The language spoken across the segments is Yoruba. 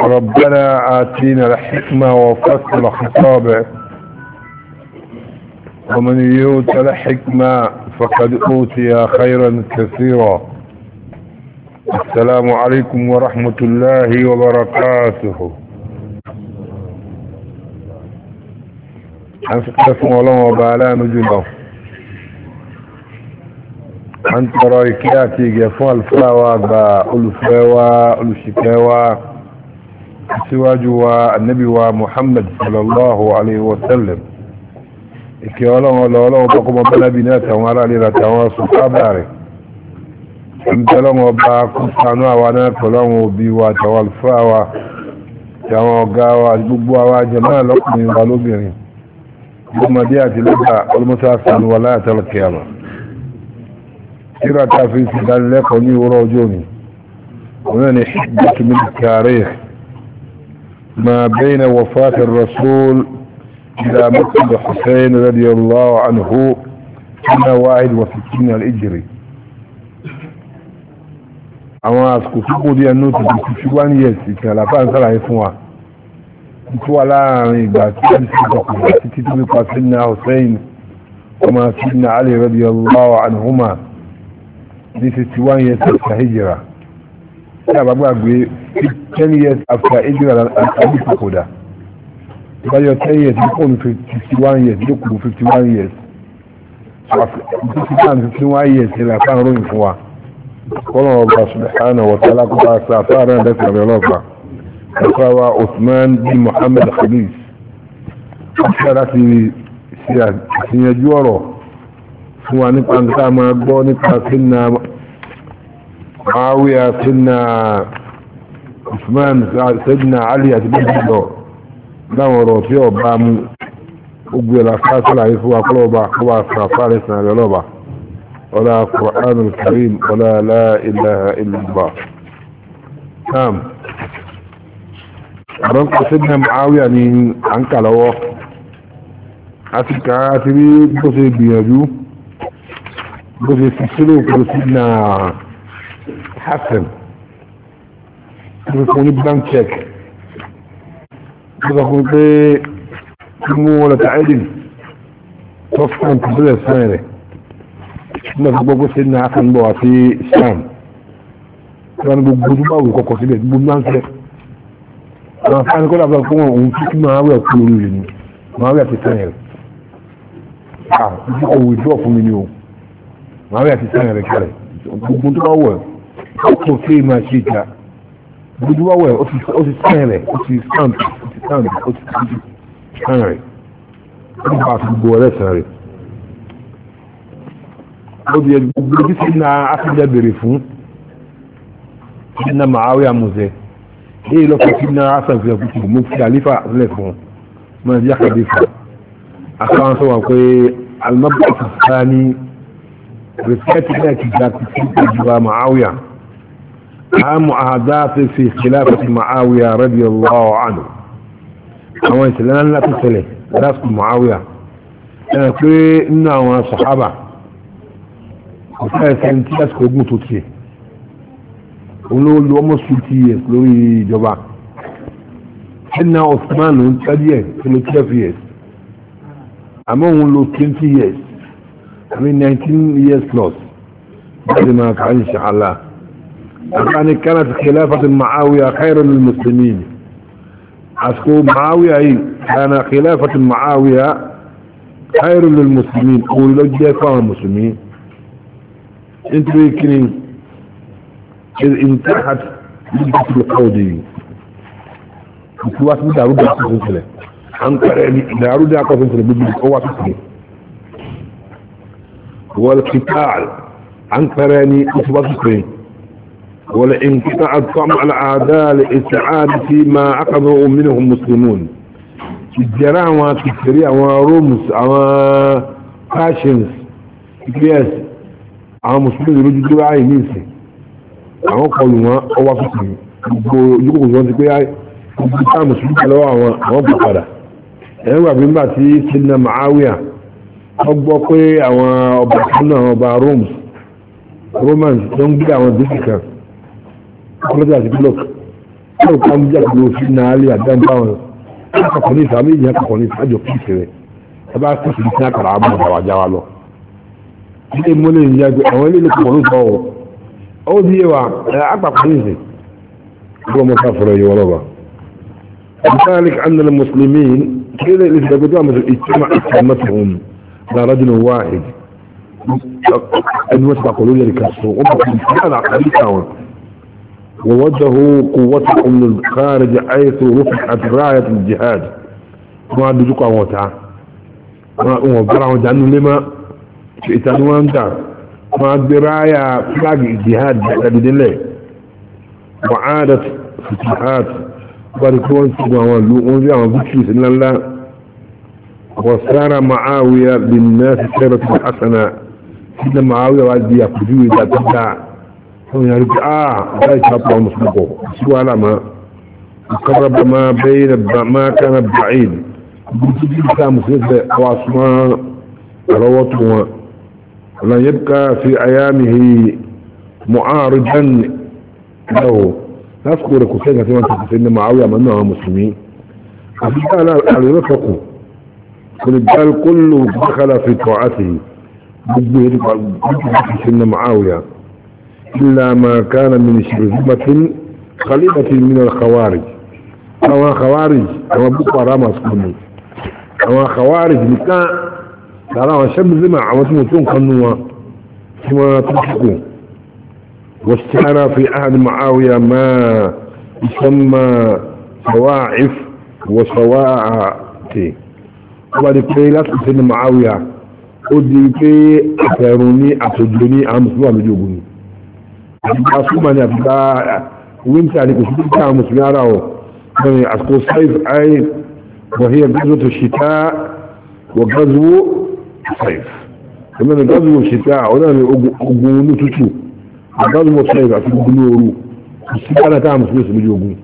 ربنا آتينا الحكمة وفصل خطابه ومن يوت الحكمة فقد أوتي خيرا كثيرا السلام عليكم ورحمة الله وبركاته أنت قسم الله وبعلا نجله أنت رأيك رأيكياتي جفوال فلاوة بألفاوة ألشكاوة síwájú wa annabi wa muhammad sallallahu alaihi wasallam ike ọlọ́wọ́ lọ́wọ́ bá kọmọ bẹ́lábi ní àtàwọn aráàlera àtàwọn sùfábà rẹ̀ ìtẹ́lọ́wọ́ bá kúsànú àwa náà pẹ̀lọ́wọ́ òbí wa àtàwọn alfáà wa àtàwọn ọ̀gá wa gbogbo àwa jẹ̀mọ́ lọ́kùnrin wa lóbìnrin ọmọdé àti lọ́gbà olùmọ́sá sànú ما بين وفاة الرسول إلى مقتل الحسين رضي الله عنه سنة واحد وستين الإجري àwọn àsìkò tó kó díẹ̀ náà ti fi ṣíwá ní ẹ̀sì tí àlàfà ń sàlàyé fún wa tó wà láàrin ìgbà tí wọ́n ti sọ̀kù àti títí nípa sínú hussein ọmọ sínú Ali radiyallahu anhuma ní ti ṣíwá ní ẹ̀sì ìṣàhíjìrà tí àbágbàgbé ten years after and ejira abi kokoda ìbáyọ ten years ló kún fifty one years ló kún fifty one years fifty one fifty one years ni la fáwọn ròyìn fún wa kọ́nà ọba subhanahu wa ta'ala kó bá sa fáwọn ẹ̀dá sí ọ̀rẹ́ ọlọ́gbà ẹ̀fọ́wà Usman bin Muhammad Khamis ọ̀ṣẹ́ láti ṣe àṣeyẹjú ọ̀rọ̀ fún wa nípa nípa máa gbọ́ nípa sínú àwíyá sínú usman sẹ́dínà ali àti bẹ́ẹ̀ lọ láwọn ọ̀rọ̀ tí ọba mú ogun ẹ̀là fásitì àyè fún akọ́lọ́ba akọ́wà fàfàrẹ́ sàn rẹ̀ lọ́ba ọlá Qur'an al-Karim ọlá la ilaha illallah sam àwọn kan sẹ́dínà Muawiya ni à ń kà lọ́wọ́ a ti kà á ti rí bó ṣe gbìyànjú bó ṣe fi sílẹ̀ òkú sẹ́dínà wọ́n fún ní bank check wọ́n sọ fún pé kí mú wọn lọ tàídìn tó fún un kùsílẹ̀ sẹ́yìn rẹ̀ nígbà tó gbogbo sí ní akan bọ̀ àti sam wọ́n gbogbo tó bá wù kọ̀kọ̀ sílẹ̀ gbogbo náà sẹ́ àwọn afáàní kọ́lá bá fún wọn òun tí kí máa wẹ̀ kú lórí rẹ̀ ni máa wẹ̀ àti sẹ́yìn rẹ̀ ah ìdí ọ̀wọ̀ ìdúrọ̀ fún mi ni o máa wẹ̀ àti sẹ́yìn rẹ̀ kárẹ̀ gbogbo tó bá wọ̀ ọ́ gbogbo wáwẹ̀ ó ti sẹ́rẹ̀ ó ti stamp ó ti stamp ó ti sẹ́rẹ̀ ó ti bá gbogbo ọ̀rẹ́ sẹ́rẹ̀ ó di gbogbo bí sí na afẹ́jẹ́ bèrè fún ẹ̀nà màáwí àmùsẹ̀ èyí lọ́kọ̀ sí na afẹ́jẹ́ fún kò mú fi àlífà sílẹ̀ fún mọ́ ẹ̀dí àkàdé fún àkàwọn sọ wà pé alimọ́bà ti sáà ní rìsẹ́ẹ̀tì náà ti dá ti sí ìjọba màáwí àmùsẹ̀ عام عادات في خلافة معاوية رضي الله عنه àwọn ìṣẹ̀lẹ̀ ńlá tó ṣẹlẹ̀ lásìkò Muawiya ẹ̀rọ pé nínú àwọn sàhábà kò sáà ẹ̀sẹ̀ tí lásìkò ogun tó tiẹ̀ olóòlù ọmọ sùn ti yẹ lórí ìjọba ẹ̀nà Osman ń tẹ́lẹ̀ yẹ tẹ́lẹ̀ twelve years àmọ́ òun lo twenty years àmì nineteen years plus bẹ́ẹ̀ ni màá kà á يعني كانت خلافة معاوية خير للمسلمين عسكو معاوية ايه كان خلافة معاوية خير للمسلمين قول لو جاء فهم المسلمين انت بيكني اذ انتحت مدة القودي وكواس مدى ربع قصن سلة انقر دارو دا قصن سلة بالقوة سلة والقتال انقراني يعني اصبت سلة ولانقطاع الطمع العاداء لإسعاد فيما عقبه منهم المسلمون الجراء وكفرية ورومس وفاشنز كرياس àwọn mùsùlùmí lójú tó ráyè ní ìsìn àwọn kọlù wọn ọwá fífì gbogbo ojúkòkò wọn ti pé gbogbo tá mùsùlùmí pẹ̀lú àwọn àwọn gbà padà ẹ̀rọ gbà bí nígbà tí sinna ma'awiya ọ gbọ́ pé àwọn ọba kan náà ọba romans romans tó ń gbé àwọn dìkì kan ọlọ́dẹ àti block ọlọ́dẹ kan jẹ́ àgbò òfin náà lé àdán báwọn akọ̀kọ̀ ní ìfà méjì akọ̀kọ̀ ní ìfà jọ kí ìfẹ̀rẹ̀ ẹ bá kí ìfìdí náà kàrà àbọ̀ àwà já wa lọ. ilé ìmọ̀lẹ̀ ìyá gbé àwọn ilé ìlẹ̀kọ̀ ló sọ ọ́ ó di yé wa àpapọ̀ ní ìsìn ọgbọ́n mọ́ta fọ̀rọ̀ yìí wọ́n lọ́ba. ذلك أن المسلمين كلا اللي ووجهوا قوتهم للخارج حيث رفعت راية الجهاد ما دجوك أموتا وبرعوا جعلوا لما شئتان وانتا ما دراية فلاق الجهاد بإذن الله وعادت فتحات باركون سبا واللوء وبكي سنة الله وصار معاوية بالناس سيرة حسنة سيدنا معاوية وعدي يقجوه ذات الدعاء هو يرجع لا لا يتعطى المصدق سوى لما يقرب ما بين ما كان بعيد كان مسلسة واسماء روته لا يبقى في أيامه معارضا له نذكر كثيرا كما تفسير معاوية منها أنها مسلمين أفضل على الرفق فالرجال كله دخل في طاعته بجهد سن معاوية إلا ما كان من شبهمة خليفة من الخوارج أو خوارج أو بقى رمز كنو أو خوارج نكا ترى زمع أو تموتون كنوا كما تنفقون واستعار في عهد معاوية ما يسمى سواعف وسواعتي وبعد كده سيدنا معاوية ó di pé àtẹ̀rùn ní àtòjò ní àmùsùlùmí àmìjògùn ni atojo ni amusulumi amijogun àbíbá súnmọ́ ní àbíbá wíńtà ní kò sí tó káà mùsùlùmí ara ọ̀ lórí àsìkò saif ayé wọ̀híyà gazo tó ṣìtá wọ gazo saif ọ̀nà ni gazo ṣìtá ọ̀nà ni ogun ní tútù gazo saif àti ogun ní ooru kò sí kára káà mùsùlùmí sí méjì ogun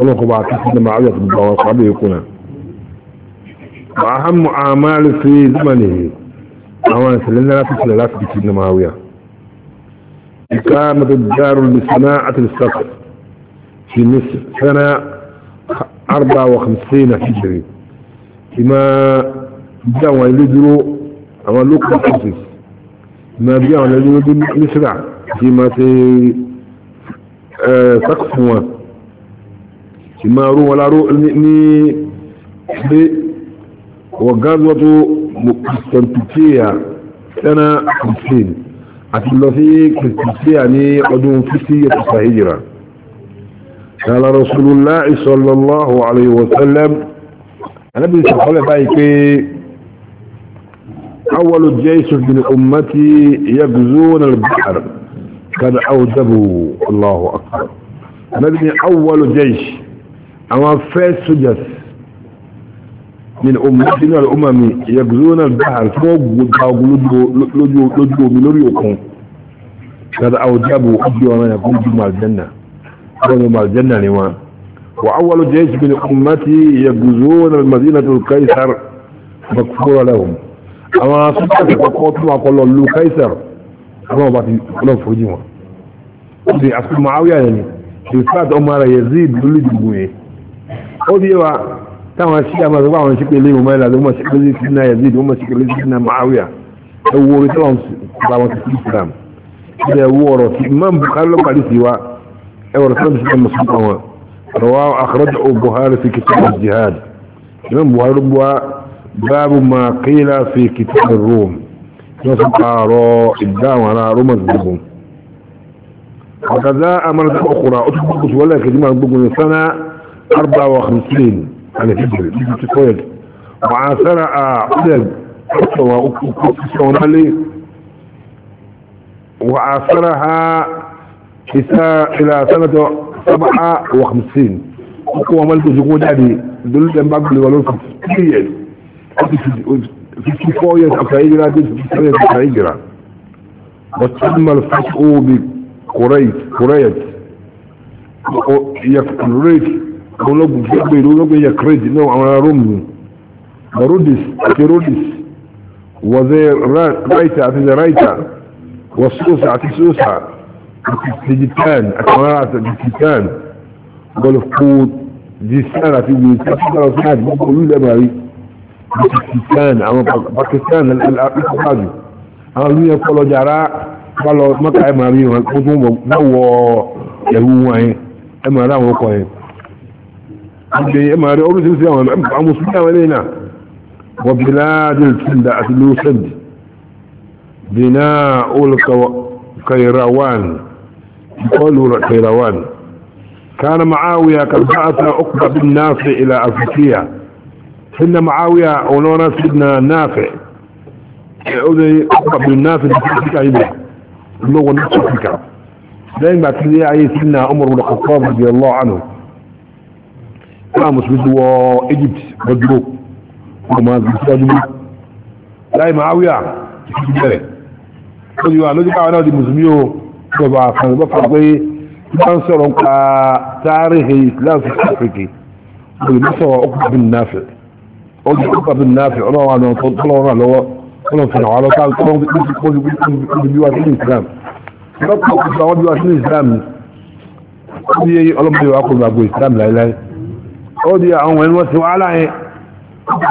ọlọ́kọ̀ bá kí sí máa yà tó gbà wọn sábẹ́ ìkùnà wàhámù àmàlù fi zùmọ̀ nìyí àwọn ìṣẹ̀lẹ̀ ńlá láti ṣẹlẹ̀ láti fi kí ní máa wíyà كانت الدار لصناعة السقف في مصر سنة 54 هجري كما بدأوا يلجروا أو لوك الحفظ ما بدأوا يلجروا بمصر كما في آه، سقف هو كما رو ولا رو المئني وقضوة مقسطنطية سنة 50 àti lọ sí kìrìtìsíà ní ọdún 50 ẹ̀tùsà ìjìrà ṣàlá rasulullah sallallahu alayhi wa sallam anábìrì sọ̀kọ́lẹ̀ báyìí pé awwalu jaysh min ummati yaghzuna al-bahr kad awdabu allahu akbar anábìrì awwalu jaysh àwọn first soldiers من أمتنا الأمم يجزون البحر فوق لجو من ريوكم هذا أوجابوا أبي وما يقول جمع الجنة جمع الجنة لما وأول جيش من أمتي يجزون المدينة القيصر مكفور لهم أما صدقت فقوتوا وقالوا له قيصر أما باتي لو فرجوا أصل معاوية يعني في فات أمار يزيد لجبوه أوديوا تما شيء ما زبا عن شيء لي وما إلى ذم شيء لي سيدنا يزيد وما شيء لي سيدنا معاوية هو رسالهم سلام السلام إذا هو رسول إمام بخاري لو قال سوا هو رسول مش إمام سلطان هو روا أخرج أبو في كتاب الجهاد إمام بخاري روا باب ما قيل في كتاب الروم نصب على الدام على روم الزبون وكذا أمرت أخرى أتبقى ولا كلمة أتبقى سنة 54 على الهجرة تيجي تتوالد معاصرة قدام سواء سواء لي وعاصرها إلى سنة سبعة وخمسين وقوة ملك زقود هذه دول جنبك بالولون في في فوية أفعيجرة في سنة أفعيجرة وتم الفتح بقريت قريت يقريت ológun gbẹ́gbẹ́ ìlú ológun yẹ kírèdì náà àwọn arómù rodis àti rodis wọ́zẹ̀ ráìtà àti ráìtà wọ́sọ́sà àti sọ́sà àti tìjìtàn àti àwọn ará àti tìjìtàn gọlùkù jìsàn àti wìtà àti àwọn ọ̀sán àti gbogbo olú ilẹ̀ màrí àti tìjìtàn àwọn Pakistan aláàbí àwọn olú yẹn kọlọ jàrá kọlọ mọ́kà ẹ̀ màrí wọn kó tó wọ ẹ̀wù wọn ẹ̀ màrí àwọn ọkọ̀ yẹn ما ولينا إيه وبلاد الفندة أتلو بناء الكيروان يقولوا الكيروان كان معاوية قد بعث عقبة بن نافع إلى أفريقيا سيدنا معاوية ونورا سيدنا نافع يقول عقبة بن نافع في عيبه اللغة نفسه فكرة بعد سيدنا عمر بن الخطاب رضي الله عنه náà mùsùlùmí wọ Egypt bọ́júmọ́ wọ́n máa zùn sí ọjúmọ́ láì máa wíyà ìfìdí bẹ̀rẹ̀ ó ti wà lójú káwọn náà di mùsùlùmí o ìjọba àfààní bọ́ fà pé bá ń sọ̀rọ̀ nípa táàríhì Islam sí Áfíríkì olùmọ́sọ̀ ọkùnrin bin Nafi ọjọ́ ọkùnrin bin Nafi ọlọ́wọ́ àná tó tọ́lọ́wọ́ lọ́wọ́ ọlọ́wọ́ fún àwọn alọ́ká tó ń bí wá sí Islam lọ́pọ̀ ọkùnrin àwọn bí wá sí Islam ó ní ọlọ́mọdé wa kò gbàgbọ́ Islam láéláé ó di àwọn ẹni wọ́n ti wá láyé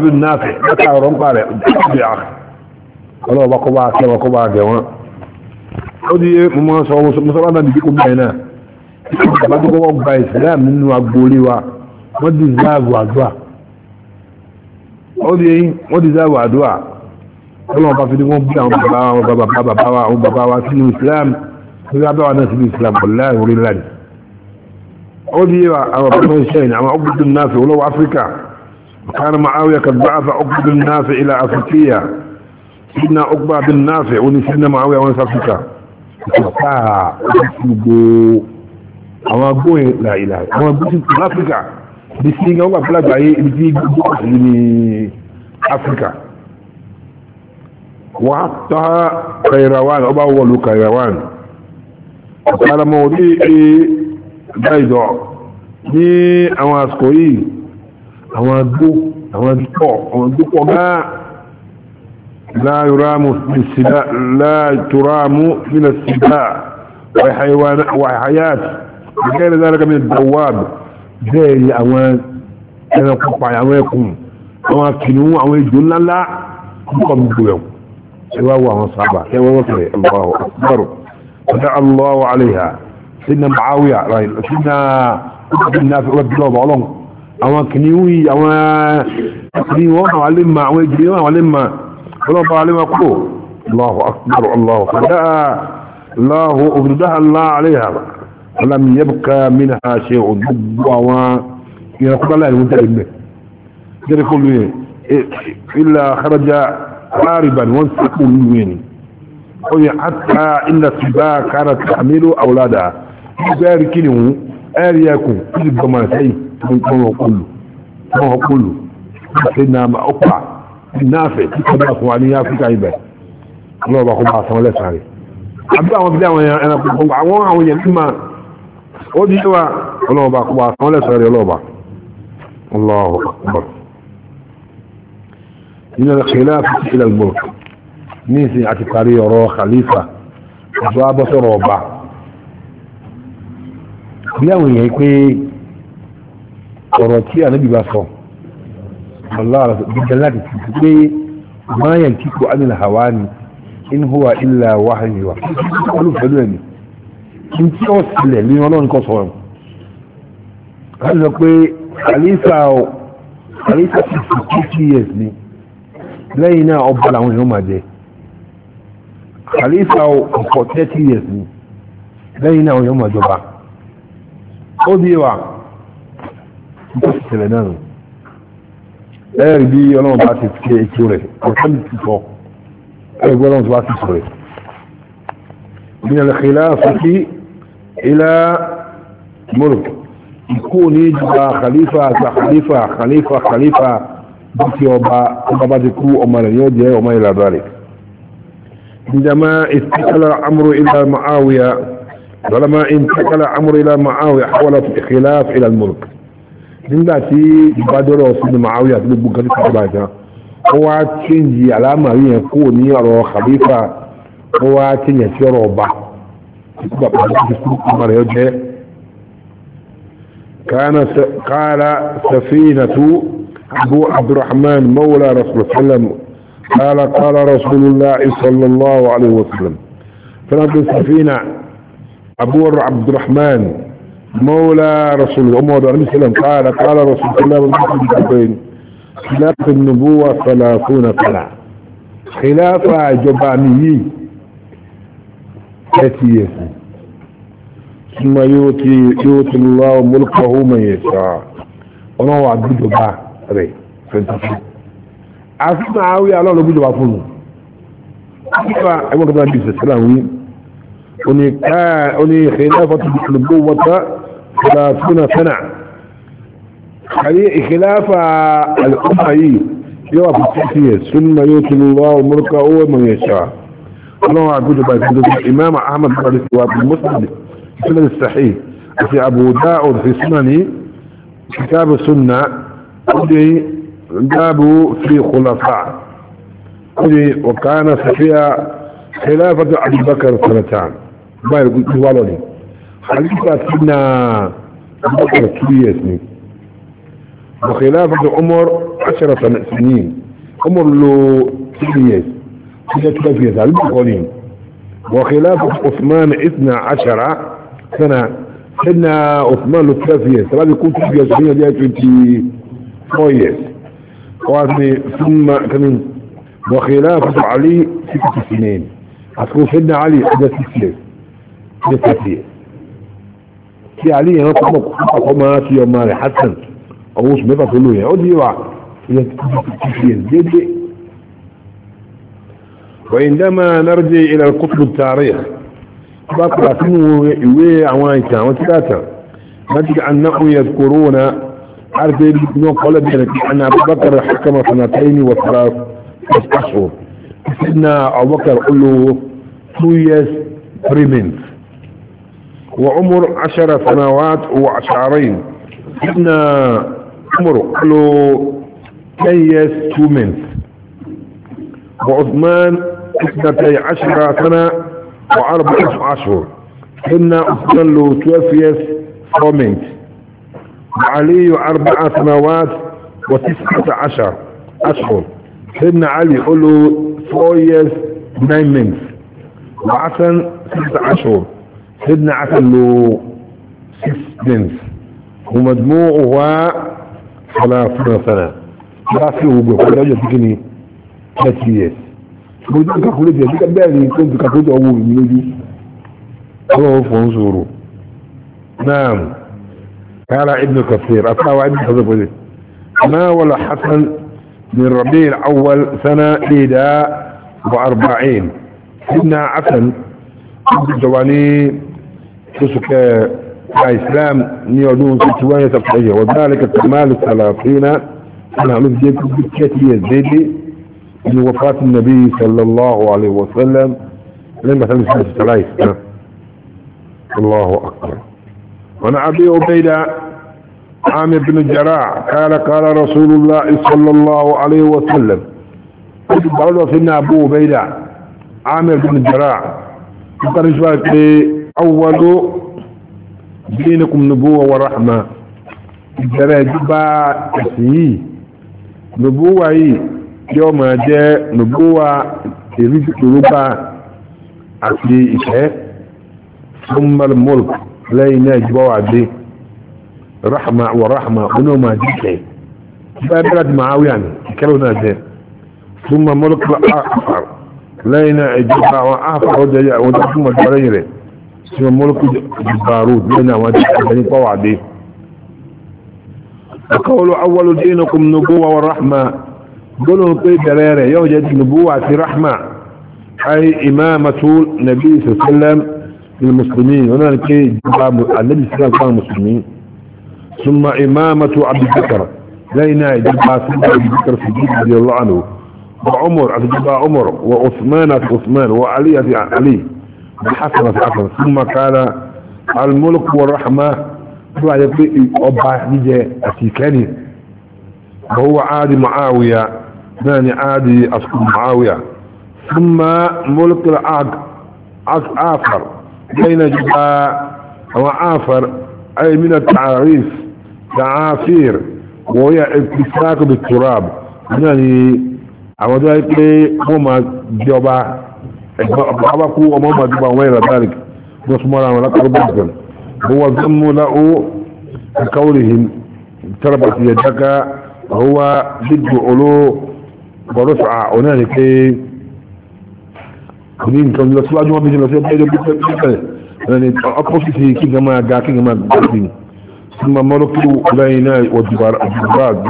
bí náàfẹ́ lọ́ta ọ̀rọ̀ ń pa rẹ̀ bí a ọlọ́ọ̀bá kọ́ bá kẹwàá kọ́ bá gẹ̀ wọ́n ó di mọ́ sọ mọ́sọ́lá náà nìkú bẹ́ẹ̀ náà bàbá tó kọ́kọ́ gba ìsìlám nínú agboolé wa wọ́n di záàbù àdúà ó di wọ́n di záàbù àdúà ọlọ́ọ̀bá fi ní wọ́n bí àwọn bàbá wa àwọn bàbá wa sínú ìsìlám tó yá bá wa náà sínú ìsìlám pẹ̀lú láàrin orí láàrin عضي أبو بكر الشين أما عبد النافع ولو أفريكا كان معاوية قد بعث عبد النافع إلى أفريقيا سيدنا عقبة بن نافع ونسينا معاوية ونسى أفريكا àwọn agbóhìn làìlà àwọn agbóhìn láfíríkà bí sí ìgbà wà fúlàgbà ayé ibi tí gbogbo òṣèlú ní áfíríkà wà tá kairawan ọba wọlú kairawan ọ̀pára mọ̀ orí bẹ́ẹ̀dọ̀ ní àwọn àsìkò yìí àwọn agbó àwọn agbó àwọn agbó pọ̀ gáà لا يرام بالسباع لا ترام من السباع وحيوان وحياة غير ذلك من الدواب زي اوان انا قطع اوانكم اوان كنو اوان جلنا لا كم بيوم سواء وصعبة سواء وصعبة الله أكبر فدع الله عليها سيدنا معاوية سيدنا قطب النافع وابدوه بعلم او كنيوي او اقليم وعلم معاوية جريوة وعلم وانا وعلم اقلو الله اكبر الله فداء الله أبردها الله عليها ولم يبقى منها شيء دب او كنا قد الله المنتقل به جري كل الا خرج قاربا وانسكوا من ويني حتى ان السباة كانت تحمل اولادها nígbà ẹ̀rí kí ni wọ́n ẹ̀rí ẹkùn tó ti gbọmọ sẹ́yìn tó ń tọrọ kọlù tọrọ kọlù ṣe na ọpa náàfẹ̀ tí kọ́ bá fún wa ní áfíríkà ibẹ̀ ọlọ́ọ̀bà kó bá sanwó lẹ́sàn rẹ̀ àbí àwọn fi dé àwọn ẹranko gbogbo àwọn àwọn yẹn tí máa ó di wa ọlọ́ọ̀bà kó bá sanwó lẹ́sàn rẹ̀ ọlọ́ọ̀bà ọlọ́ọ̀bà ọlọ́ọ̀bà nínú ìlà ìlà ìgbòho ní ìsìn àti parí ọ̀rọ̀ khalifa ọ̀tọ́ abọ́sọ̀rọ̀ ọba bí àwọn èèyàn pé ọ̀rọ̀ tí ànábì bá sọ ọ̀lára gbígbà láti ti ti pé máyàn tí kò ánìlà hàwá ni in huwa illa wahyi wa olùfẹ́lú ẹ̀mí kí n tí ó sílẹ̀ ní ọlọ́run kọ́ sọ̀rọ̀ a lọ pé àlísà àlísà ti fi two years ni lẹ́yìn náà ọba làwọn èèyàn máa jẹ àlísà ọ̀pọ̀ thirty years ni lẹ́yìn náà ọ̀yọ́ máa jọba ó di wà nítorí ìṣẹ̀lẹ̀ náà nù ẹ̀rì bí ọlọ́run bá ti ṣe ètò rẹ̀ ọ̀sán ti sọ ẹ̀rì bí ọlọ́run bá ti sọ rẹ̀ من الخلافة إلى ملك يكون يجب خليفة خليفة خليفة خليفة بكي وبا وبا دكو وما لن يودي وما إلى ذلك عندما استقل الأمر إلى معاوية ولما انتقل عمر الى معاوية حول الخلاف الى الملك من ذاتي بادر وصيد معاوية لبقى الكتباتة هو تنجي على ما يكون يرى خليفة هو تنجي يرى بحر كان س... قال سفينة أبو عبد الرحمن مولى رسول الله صلى الله عليه وسلم قال قال رسول الله صلى الله عليه وسلم فلنبي السفينة أبو عبد الرحمن مولى رسول الله عليه وسلم قال قال رسول الله بالمسلمين خلاف النبوة ثلاثون سنة خلاف جباني كتير ثم يوتي يوتي الله ملكه من يشاء ونوع بجبا ري فانتفع عفوا معاوية الله لو بجبا فلو عفوا عبد الرحمن عبد السلام وني خلافة النبوة ثلاثون سنة هذه يعني خلافة الأمة يوافق تحتيه ثم يوتي الله الملكة هو من يشاء الله عبد الله الإمام أحمد بن الإسواب المسلم سنن الصحيح في أبو داود في سنن كتاب السنة قدي جابوا في خلفاء قدي وكان فيها خلافة أبي بكر سنتان báyìí lókun tí wà lọ́dẹ̀ àlùfà sí na abubakar two years ni bàkìlá fàtà umar ashara sani umar lo three years tí yẹ twelve years àlùfà kọ́ ni bàkìlá fàtà usman isna ashara sana سيدنا عثمان له 12 years طبعا يكون 12 years هي ليها 24 years وعندي ثم كمان وخلافة علي ست سنين أذكر سيدنا علي إذا ست years nípasẹ̀ tí alẹ́ yẹn kọ́ mọ̀ kọ́ máa fi ọmọ rẹ̀ hasan ọwọ́ oṣù mẹ́fà tó lò yẹn ó di wa ilẹ̀ ti fi yẹn dédé wàyíndàmà nàrjẹ ilẹ̀ kótó tààrẹ̀ bá kọ́ra sínú ìwé àwọn ìtàn àwọn tíráta láti anáhù yẹn kóró na àrùkẹ́ ìdíjọ́ kọ́lẹ̀ bẹ̀rẹ̀ kí ana abubakar hakama sanataini wa tara asfaso sidna abubakar ulu two years three minutes وعمر عشر سنوات وعشرين ابن عمر قالوا كيس تو وعثمان اثنتي عشر سنة واربعة عشر ابن عثمان له توفيس فور علي وعلي اربع سنوات وتسعة عشر اشهر ابن علي قالوا فويس يس ناين وعسن ستة اشهر سيدنا عسل له سيس دنس هو مدموع هو صلاة صلاة صلاة راسي هو قوة قد رجل تكني تكيس قد انك اخلت يسيك الباني كنت كفوت عبو من يدي الله فانصوره نعم قال ابن كثير اتا وعدي حسب وزي ما ولا حسن من ربيع الاول سنة ايداء واربعين سيدنا عسل جواني تسك الإسلام نيودون ستوانية تقعية وذلك التمال الثلاثين أنا مبديك بكتية زيدي من وفاة النبي صلى الله عليه وسلم لما تنسى الثلاثة الله أكبر وانا أبي عبيدة عامر بن الجراح قال قال رسول الله صلى الله عليه وسلم قلت بقوله سيدنا أبو عبيدة عامر بن الجراح ìtàríṣà pé awwalo dinikum nubuwa wa rahma ìbẹ̀rẹ̀ gbígbá ẹ̀sìn yìí nubuwa yìí yóò máa jẹ́ nubuwa èrí ìrúgbà àti ìfẹ́ summal mulk lẹ́yìn náà jùbọ́ wà dé rahma wa rahma oní ọmọ àti ìfẹ́ bá bẹ́rẹ̀ ti máa wíyàn kẹ́rù náà jẹ́ summal mulk láàfàrù لينا اجبا وعافا وديا ودعم البرير اسم ملك الباروت لينا ودعم طوع دي وقولوا اول دينكم نبوة والرحمة قولوا طيب دريره يوجد نبوة في رحمة اي امامة النبي صلى الله عليه وسلم للمسلمين هنالك نكي جبا النبي صلى الله عليه وسلم المسلمين ثم امامة عبد الذكر لينا اجبا سنة عبد الذكر سجيد رضي الله عنه وعمر أتجبى عمر وعثمان عثمان وعلي علي في حسن ثم قال الملك والرحمة أبا نجي أتيكاني وهو عادي معاوية ثاني عادي أسكن معاوية ثم ملك العاد آخر بين جبا وآخر أي من التعريف تعافير وهي اتساق بالتراب يعني àwọn tó yẹ pé wọ́n máa jẹ ọba ẹ̀gbọ́n ọba kú ọmọ ọmọ àdúgbò àwọn ẹ̀rọ dárík wọ́n súnmọ́ ara wọn látàrí bọ́ọ̀lù pẹ̀lú bó wọ́n tó mú la ó kàkàwòrì hìn tẹ́lẹ̀bà ti yẹ dáká àwọn wá dídò oló bọ̀rọ̀ sọ à ọ̀nà ni pé kò ní nǹkan lọ síwájú wọn bí ti lọ sí ọjọ́ ìjọba bí tẹ́lẹ̀ ẹ̀rọ ni ọpọ́sìtì kí n máa ga kí n máa gbàgbé ثم ملكوا لينا ودبرات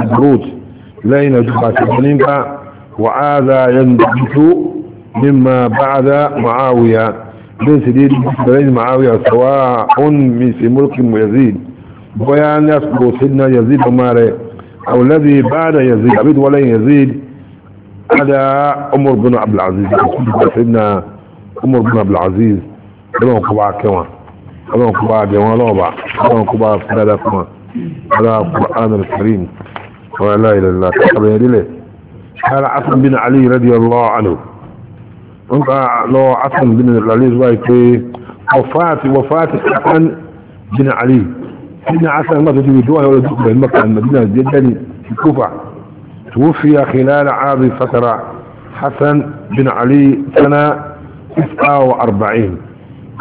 لينا جبات وهذا ينبعث مما بعد معاوية ليس سديد بين معاوية سواء من في ملك يزيد بيان يسبق سيدنا يزيد وماري أو الذي بعد يزيد عبيد ولا يزيد هذا عمر بن عبد العزيز سيدنا عمر بن عبد العزيز لهم قبعة كمان لما قبع جمال وبع لهم قبعة سيدنا كمان على القرآن الكريم ولا إله إلا الله قال عصم بن علي رضي الله عنه انت لو عصم بن علي زوايكي وفاة وفاة حسن بن علي سيدنا عسل ما تجيب دوها ولا في مكة المدينة جدا الكوفة توفي خلال عام الفترة حسن بن علي سنة 49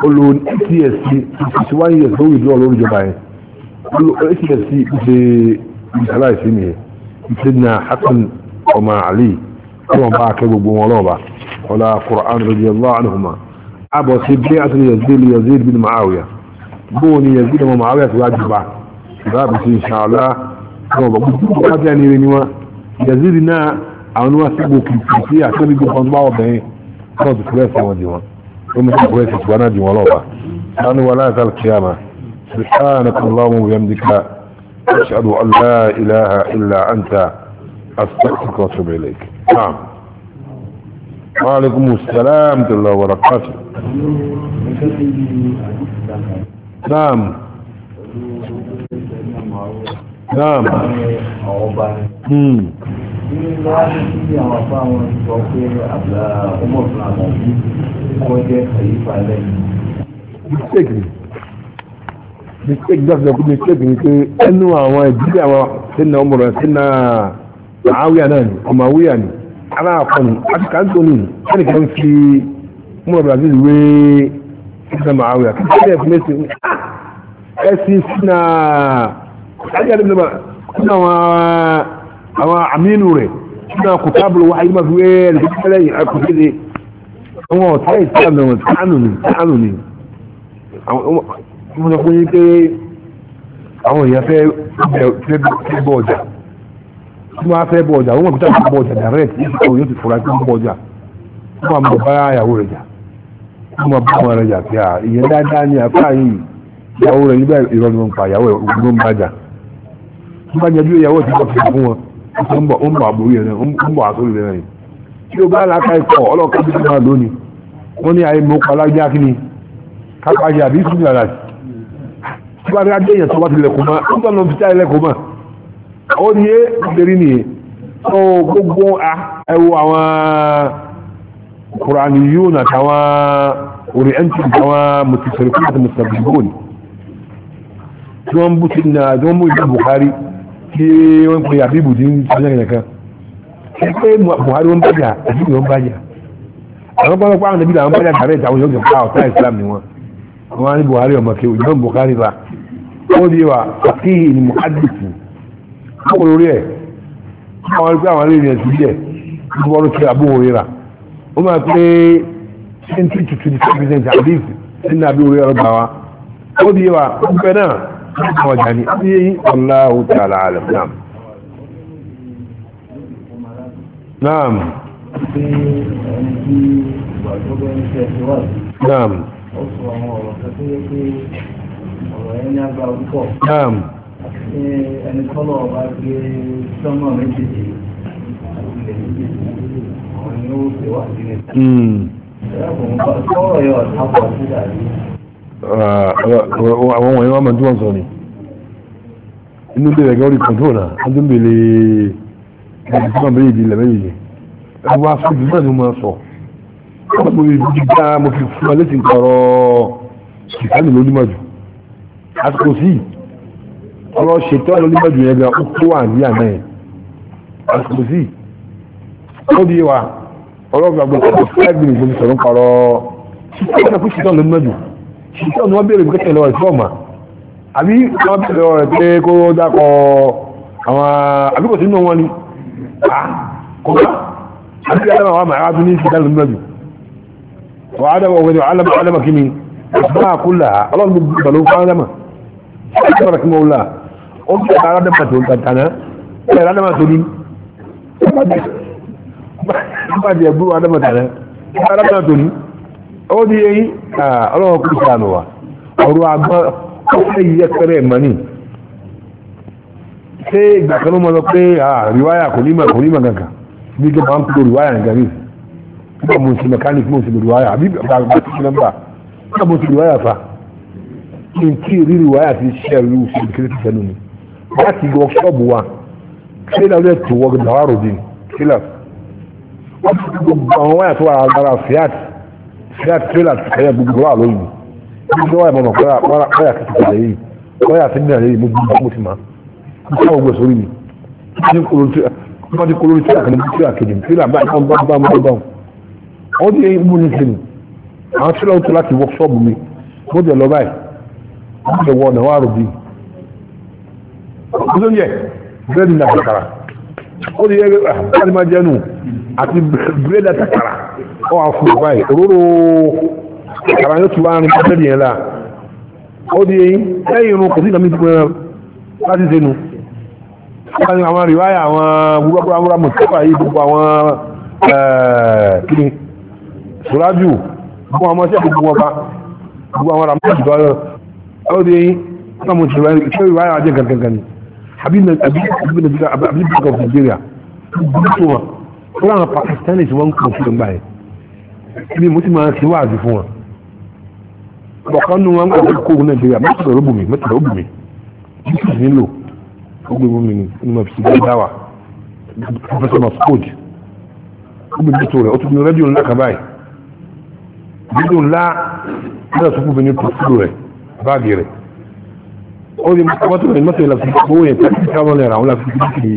قالوا اتي يسي سواي يسوي دوها لول جباين قالوا اتي يسي بسي بسلاي سنة سيدنا حسن ọmọ àlì ọmọ bá kẹ́ gbogbo wọn lọ́ba ọlá Qur'an radiyallahu anhuma abọ̀ sí bí a ti yazid yazid bin ma'awiya bó ni yazid ọmọ ma'awiya ti wá jùbá ìbáàbí sí ìṣàlá ọmọ bá gbogbo wọn ti àníire ni wọn yazid náà àwọn ni wọn sì gbò kìkì sí àtẹ́bí gbogbo ọmọ ọbẹ̀yìn náà ti kúrẹ́ sí أستغفرك وأتوب إليك نعم وعليكم السلام ورحمة الله وبركاته نعم نعم امم mistake ni mistake dáfẹ́ kú mistake ni pé ẹnu àwọn ìdílé àwọn sínú ọmọ rẹ̀ sínú àáwíyà náà ni ọmọ àwíyà ni ara àkọni àtìkà ntoni ẹnìkan fi mọ́ brazil wé ìsàmà àwíyà kí ṣe ẹ̀fún mẹ́sì ẹ̀sì sínà ayé àdébìnà sínà àwọn àmínú rẹ̀ sínà kò tábìlì wá ayé máa fi wé ẹ̀rẹ̀ tẹ́lẹ̀ yìí akọ̀kẹ́lẹ̀ àwọn ọ̀tá ìsìlá náà tánù ni tánù ni àwọn èèyàn fẹ́ bọ̀ ọjà tí wọ́n á fẹ́ bọ ọjà wọ́n mọ̀ pé táwọn bọ ọjà direct yóò ti fura kí wọ́n bọ ọjà wọ́n máa mọ̀ bá ìyàwó rẹ̀ jà wọ́n máa bá ọmọ rẹ̀ jà pé ìyẹn dáadáa ni àfáà yìí ìyàwó rẹ̀ nígbà ìrọ̀ ni wọ́n pa ìyàwó rẹ̀ ló ń bá jà wọ́n bá yanjú ìyàwó ti bọ̀ fún wọn wọ́n bọ̀ wọ́n bọ̀ àbúrò yẹn wọ́n bọ̀ àtúrò yẹn rẹ̀ tí o bá láta ikọ̀ ọlọ́ọ̀ká bí máa lónìí wọ́n ní ó ní ìgbèrí nìyẹn tó gbogbo ẹwọ àwọn kùránì yóò nà táwọn oriental àwọn mùsùlùmí àti mùsùlùmí tí wọ́n bú sí ní àjọ mú ìgbà Buhari tí wọ́n pè àbíbù dín sáyẹ̀kẹ̀kẹ́ ẹgbẹ́ Buhari wọ́n bájà àbíbù wọ́n bájà àwọn bá wọ́n níbi àwọn bájà kàrẹ́ ìtàwọn yóò gbà ọ̀tá Islam ni wọ́n wọ́n ní Buhari ọmọ kéwì náà Buhari bá ó di wa àkíyè ni muhaddisi àwọn olórí ẹ̀ àwọn ẹgbẹ́ àwọn arìnrìn ẹ̀sùn díẹ̀ gbogbo ọdún tí àbúrò rírà ó máa pé twenty to twenty five percent àbí nínú àbí orí ọ̀rọ̀ gbà wá ó di wa gbẹ náà àwọn ọjà ni ó di yéyí Allahu ta'ala alam naam. naam. naam. naam ṣe ẹni kọ́lọ̀ ọba gbé sọ́mọ̀ méjèèjì hmm. ah, àwọn wọ̀nyí wọ́n máa tí wọ́n sọ ni inú bẹ̀rẹ̀ gẹ́gẹ́ orí kọ̀ǹtò náà a tún bèèrè ẹni tí wọ́n bẹ̀rẹ̀ ìdí ilẹ̀ méjèèjì wá fún ìdí ni wọ́n sọ wọ́n mú ibi gíga mo fi fún ọ létí nǹkan ọ̀rọ̀ ìkànnì lójúmọ́jú àsìkò sí yìí ọ̀rọ̀ ṣètò ọlọ́lẹ́gbẹ̀jù yẹn gan ó tó wà ní àná yẹn àsìkò sí ó di wa ọ̀rọ̀ gbàgbọ́ kò five minutes ló sọ̀rọ̀ kọ̀rọ̀ ṣètò ọ̀nà fún ṣètò ọlọ́lẹ́gbẹ̀jù ṣètò ọ̀nà wọn béèrè bí kẹ́kẹ́ lọ́wọ́ ìfọ́ọ̀mà àbí wọn béèrè lọ́wọ́ rẹ̀ pé kó dákọ̀ àwọn àbí kò sí nínú wọn ni kò bá àbí alama wa màá tún ní ṣètò ọlọ́lẹ́gbẹ̀jù wà á dábọ̀ wẹ̀dẹ̀ alama alama kí ni ọ̀sán àkúlà ọlọ́run gbogbo ìbàlókọ́ alama ṣètò ọ̀rọ̀ kí ni wọ́n wúlà ó ń tẹ̀ka aládàmà tó ń tàná ẹ̀ aládàmà tó ní nípàdé ẹ̀gbọ́n aládàmà tàná aládàmà tó ní ó di eyín ọlọ́wọ́ kú sànù wa ọ̀rọ̀ àgbọn ọ̀fẹ́ yìí ẹ̀kẹ́rẹ́ ẹ̀ mọ́ni ṣé ìgbà kan ló mọ lọ pé rìwáyà kò ní mọ̀ kò ní mọ̀ kankan bí kí n máa ń kúrò rìwáyà nìkan ní nígbà mo sì mẹkáníkì mo sì lè rìwáyà àbí bàbá tó ti nọ́mbà nígbà mo sì rìwáyà fa n tí rí rìwáyà ti ṣẹ́ẹ̀lú sí ìkéré ti sẹ́nu ni láti wọ́kṣọ́ọ̀bù wa trailer lè tó wọ́n gbà wárò dín trailer wọ́n ti di gbogbo àwọn wáyà tó wà lára fiat fiat trailer ti kẹ́yà gbogbo wà lóyún gbogbo wáyà mọ̀mọ́ wáyà ti tẹ̀lé yìí wáyà ti ní àlẹ́ yìí mo gbogbo mo ti mà mo ti àwọn gbèsè orí mi ní kúrò tí kúrò tí àkànní tí àkejì trailer bá bá bá bá bá wọ́n ti mú ní sinmi àwọn trailer tó láti wọ́kṣọ́ọ̀bù mi mo jẹ lọ báyìí wọ́n ti wọ́n náà wárò dín ọdún yẹ bẹ́ẹ̀dì náà kàkàrà ó di yẹ káàdì ah, máa jẹ́nu àti bẹ́ẹ̀dì àtàkàrà ó wà fún ìgbà yìí òróró kàkàrà yóò tún wá ní bẹ́ẹ̀dì yẹn la ó di yẹn lẹ́yìn irun kò sí ìdàmí ìdúgbò yẹn láti sẹ́nu wọ́n ní àwọn rìwáyà àwọn gbogbo àwọn ọmọ ìtọ́fà yìí gbogbo àwọn eh, kíni sùrájù gbogbo àwọn ọmọọṣẹ́ gbogbo ọba gbogbo àwọn ramọ́ ìdúgbò yẹn ó di yẹn wọ́n mú ìṣòro ìṣòro ìwáyà ajẹ́ gangan ni àbí nàìjíríà àbí bank of Nigeria gbogbo wọn fún àwọn Pakistani tí wọ́n ń kàn fún ìgbà yẹn ibi mo ti máa ṣe wáàzì fún wọn bọ̀kan nu wọn gbàgbé kó nàìjíríà mẹ́tàlá ó bù mí mẹ́tàlá ó bù mí yusuf nílò ó gbé bù mí ní ma fi gbé dáwà professor mascood ó gbé dókítà rẹ̀ ó tún ní rédíò ńlá kan báyìí rédíò ńlá ó yà tó fún mi ní pòtúlù rẹ̀ báàgì rẹ̀ orí mọ́tò rẹ̀ mọ́tò ìlà fi owó yẹn tàbí káwọn lè ra àwọn láti fi kìí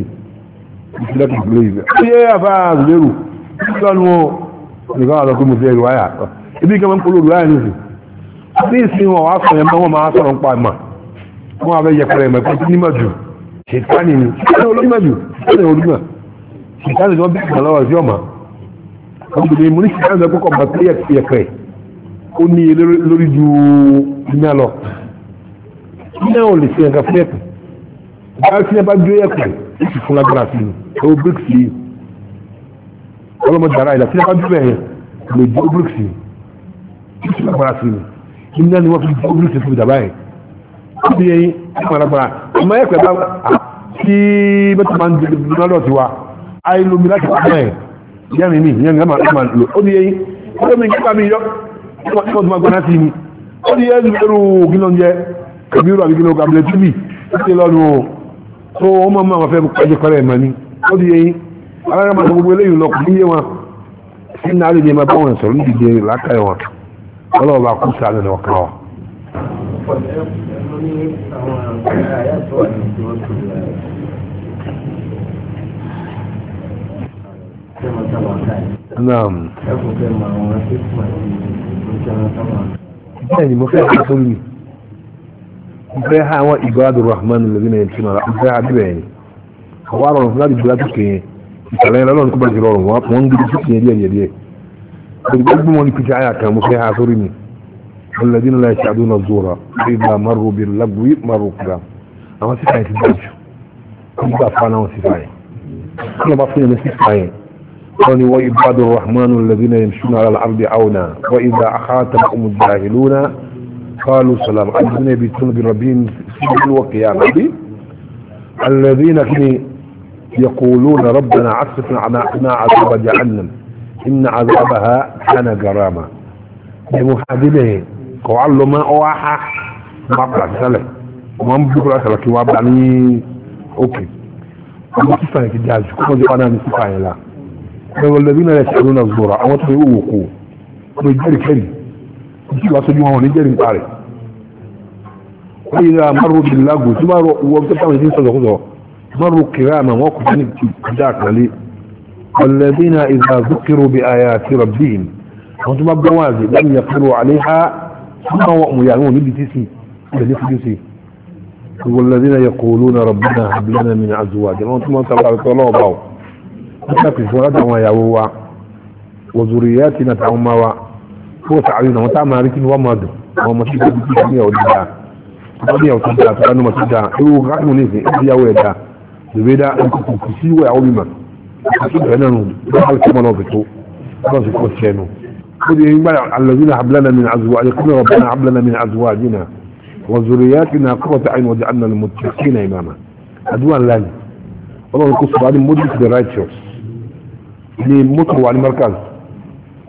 ìṣẹ́lẹ̀ kìí gbé ìgbẹ́. ó yẹ àfa àgbèrú lọ́nu wọn nìkan àlọ́ pé mo fi ẹrù wáyà ibi kan máa ń polówó wáyà nìsí. ní ìsìn wọn wàá sọ̀rọ̀ ẹ̀mọ́ wọn máa sọ̀rọ̀ ń pa ẹ̀mọ́ wọn àbẹ yẹpẹrẹ ẹ̀mọ́ ẹ̀kọ́ tí nímọ̀ jù ṣètánì ni ṣètánì olómọ̀ jù ṣètánì olómọ̀ ṣètánì ni wọ́n bí ìgbàlọ́wọ́ sí ọ̀mà ọ̀gbìn mo ní ṣètánì lọ́kọ̀ọ̀kan bàtẹ́yẹpẹrẹ ó ní lórí ju iná lọ náà ò lè ṣe nǹkan fún ẹ̀pẹ̀ báyìí tí wọ́n bá gbé ẹ̀pẹ̀ ó sì fún lágbára sí i ó bíríkì sí i ọlọ́mọdé ara ìlà tí wọ́n bá gbé ẹ̀yẹ lè jẹ́ bíríkì sí i ó sì lágbára sí i iná ni wọ́n fi jẹ́ bíríkì fún ìdàbá yẹn ó sì yẹ yín ẹ̀pẹ̀ lágbára ọmọ ẹ̀pẹ̀ bá tí bẹ́tẹ̀ máa ń di lọ́dọ̀ tiwa àìlómi láti wá bẹ́ẹ̀ yẹ́nì mi yẹ́nì mi máa lò ó ní yẹ́yìn ó lómi mi yọ ó kabiru àbí kìlọ̀ kàbílẹ̀ tíbi ṣe lọ́nu o tó wọ́n máa máa fẹ́ pàjẹ́ pẹ́rẹ́ ẹ̀mọ́ ni ó di yẹn alára máa sọ gbogbo eléyìí lọ kò níyé wọn sí náà lè ní ẹmọ báwọn sọ̀rọ̀ ní ìdíje rẹ̀ lákà ẹ̀wọ̀n ọlọ́wọ́ bá kú sáà nínú ọkàn wa. bẹ́ẹ̀ ni mo fẹ́ kí n tó lù. nfẹ́ ha àwọn ibadu rahman lẹ́yìn ẹ̀yìn tí nara nfẹ́ ha bíbẹ̀ yẹn àwọn arọ̀ nfẹ́ láti gbìyànjú kìí ìtàlẹ́ yẹn lọ́nà kọ́bà jùlọ rọ̀ wọ́n ń gbé sí kìí díẹ̀ díẹ̀ díẹ̀ gbogbo gbogbo wọn ni kìí àyà kan mo fẹ́ ha sórí mi alladina la yashaduna zura ila maru bil lagwi maru kura àwọn sífà yẹn ti dá jù wọ́n gbà fa náà sífà yẹn kí wọ́n bá fún yẹn sífà yẹn wọ́n ni wọ́n ibadu rahman lẹ́yìn ẹ̀yìn tí nara al'ardi auna wọ́n ibà akátà قالوا سلام عندنا بيتون بربين سبيل وقيام عبي الذين كني يقولون ربنا عصفنا عنا عذاب جعلنا إن عذابها كان جراما بمحادبه قوال له ما أواحا مبرا سلام ومن بكرة سلك وابعني أوكي أما تفاهم كجاز كما جو أنا نسفاهم لا والذين يسألون الزورة أو تفاهم وقوه ويجري كريم kí wàá sojú wọn ò ní jẹ́rìí nípa rẹ̀ wọ́n yìí náà márùn bíi lágùn tí márùn wọ́n tó táwọn ìdílé sọ̀rọ̀ kúrò márùn kìrá àmà wọn kò ní ìdá àkàlẹ́ والذين إذا ذكروا بآيات ربهم وانتم بواز لم يقروا عليها ثم وأم يعلمون بتسي بتسي والذين يقولون ربنا هب لنا من أزواجنا وانتم تبارك الله وباو وتكفي فلدنا ويعووا وذرياتنا تعموا fóòsì àyùn àwọn táwọn máa rí kí ni wọ́n máa dùn àwọn ọmọ síbi ibi tí ní ọ̀dọ́ dáa wọ́n ní ọ̀tún dáa tó bá ọmọ dáa ewu kákùn ní ìsìn ìyàwó ẹ̀ dáa lèwe dáa nkùkù kù sí ìwé àwọn mímọ̀ àti ìbẹ̀rẹ̀ náà nù bá a sọ́mọ náà fìtó wọ́n sì kọ́ sí ẹnu. ó di nígbà alẹ́zínà abilana mi azuwa ayẹkùnrin ọ̀bọ̀nà abilana mi azuwa àjìnà wọ́n zòrò yá kí na kọ́kọ́ tàyìn wọ́n di àná ni mo ti kí na ìmàmà àdúrà ńlá ni ọlọ́run kò sọ̀rọ̀ àdìmọ́dún mọ́tò wà ní markaz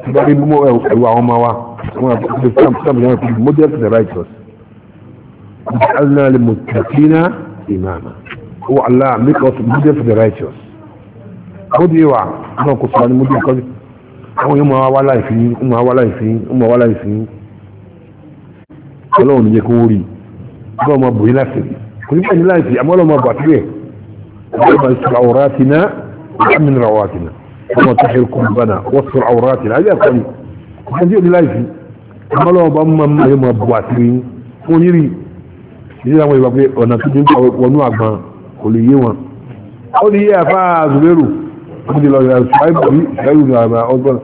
Bari bá rí mú ẹwà àwọn ọmọ wa wọn àti islam islam yẹn fi model to the righteous alna le mutakina imama o oh, allah make us model to the righteous ó di wa náà kò sọ̀rọ̀ ní model kọ́lé àwọn yóò máa wá láìsí yín ó máa wá láìsí yín ó máa wá láìsí yín ọlọ́run ní yẹ kó rí bọ́ọ̀ máa bòyí láti rí kò ní bẹ́ẹ̀ ní láìsí àmọ́ ọlọ́run máa bọ̀ àti bẹ́ẹ̀ ọlọ́run máa sọ̀rọ̀ àwòrán ti ná àmì ìràwọ̀ àti náà ọmọ tó ṣe kún bana wọ́n sọ̀rọ̀ àwòrán àti ìlàjẹ́ ẹ̀kọ́ ni ọ̀sán tí ó di láìsí ọmọlọ́wọ́ bá mọ́ mọ́ yóò máa bu àtìrí fún yírí ìdí àwọn ìwà pé ọ̀nà tó dín wọnú àgbọn kò lè yé wọn. ó ní yé àfa zubairu ó ti lọ yà ṣùgbọ́n bí ṣẹ́yìn ní àgbà ọgbọ́n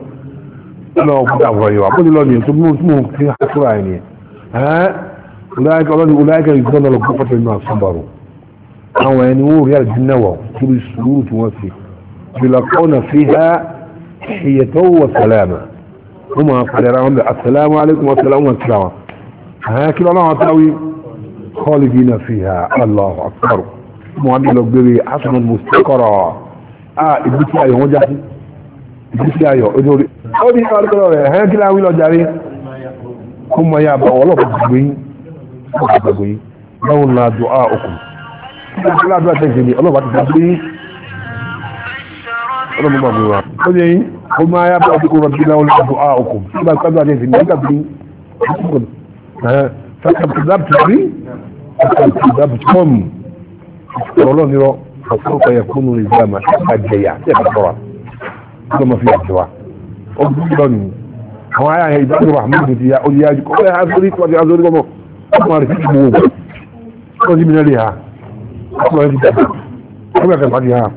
ọ̀nà ọ̀kúta àwòrán yìí wà ó ti lọ nìyẹn tó mú mú kí á fúra ẹ̀ nìyẹn. ọ̀láyàkẹ́ ọlọ́run ọ̀láyàkẹ́ ìgbọ́n náà lọ يلقون فيها تحية وسلامة هم قررهم السلام عليكم والسلام والسلام هكذا الله تعوي خالدين فيها الله أكبر مهدي لقبري حسن مستقرة آه إبتي هون وجهتي إبتي أيها أدوري أدوري أدوري هكذا أوي لو جاري هم يا أبا والله فبقوي فبقوي لولا دعاؤكم لا دعاء تنسيني الله فبقوي ọlọ́mọ bàbá wa ó yẹ yín ó máa yá bá ọdún kó rọ̀bí náà lọ́wọ́ àbò á òkú tí bá kájú àti ìsìn nígbà bí ọkùn sàkàtì dábùtì rí sàkàtì dábùtì fọ́ọ̀mù ọ̀rọ̀ náà nírọ̀ ọ̀pọ̀lọpọ̀ yẹ kúnnú rẹ̀ gbà máa ṣàkà jẹyà tí ẹ̀ka tọ́ra ó lọ́mọ fi àjọ wa ó gbúdú lọ́nu àwọn ará yẹn ìbáṣọ mahmud ti ya ó yá kó ẹ̀ azórí kó ẹ̀ azórí kọ́mọ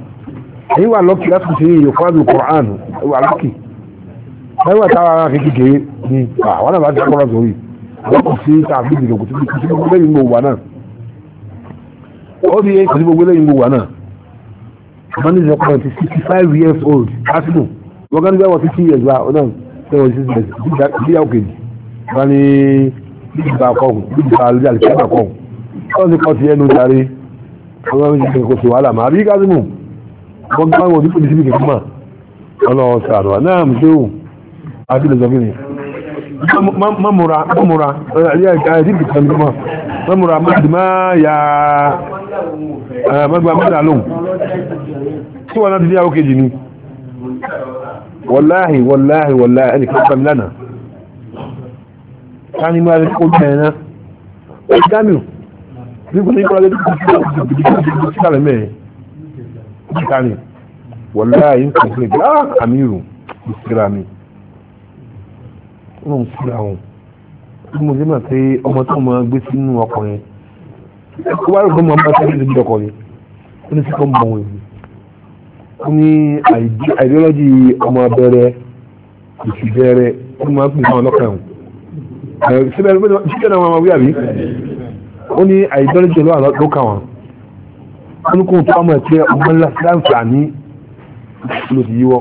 èyí wà lọ́kì láti ṣe ìyòkọ́dù Qur'an wà lọ́kì lẹ́wọ̀ táwọn ará kékeré ní àwọn àbá jẹ́ kọ́rọ̀ sórí lọ́kì sí tààbí ìdìgbò kò sí gbogbo lẹ́yìn gbogbo wà náà ó di kò sí gbogbo lẹ́yìn gbogbo wà náà àmọ́ ní ìṣẹ́kọ́ ti sixty five years old arsenal wọ́n gánú bẹ́ẹ̀ wọ́n sixty years wa ọ̀nà tẹ́wọ̀ six years bíyà òkèjì wọ́n ní bíbá kọ́hùn bíbá lórí àlùkò kọ́hùn wọ́n ti kọ́ ti ẹnu darí wọ́n ti kọ́ ti wàhálà mà á bí kásìmù wọ́n gbá wọn nípa ìdíbí kìí mà ọlọ́wọ́ sàrọ̀ náà mú ṣéwù àti lẹ́sọ̀gìnì mọ́múra mọ́múra àyíkì kan mọ́ mọ́múra mọ́dìmá ya mọ́gbà mọ́dà lóhùn tí wọ́n náà ti yá ókè jì ní wọláhì wọláhì wọláhì ẹni kọ́kọ́ lánàá ta ni máa rí kó bẹ̀rẹ̀ náà ó dámì nígbà nígbà lẹ́dí kọ́kọ́ níta ni wọ̀lá yìí ń kọ̀ọ̀lẹ̀ bí ah àmírù ń síra mi wọ́n ń síra wọn bí mo ṣe máa pé ọmọ tó máa gbé sínú ọkọ̀ yẹn ó wá rògbò máa máa sáré lójú ọkọ̀ yẹn ó ní síkọ́ mọ̀ wọ̀nyí ó ní àìdíọ́lọ́jì ọmọ abẹ́rẹ́ ìfìbẹ́rẹ́ ó máa ń pè fún ọlọ́kàn ẹ̀wọ̀n síbẹ̀ náà wọ́n máa wí àbí ó ní àìdíọ́lọ́jì ọlọ́kàn wọn kókó tó ọmọ ẹ̀kẹ́ ọmọ ńlá láǹfààní ló ti yíwọ́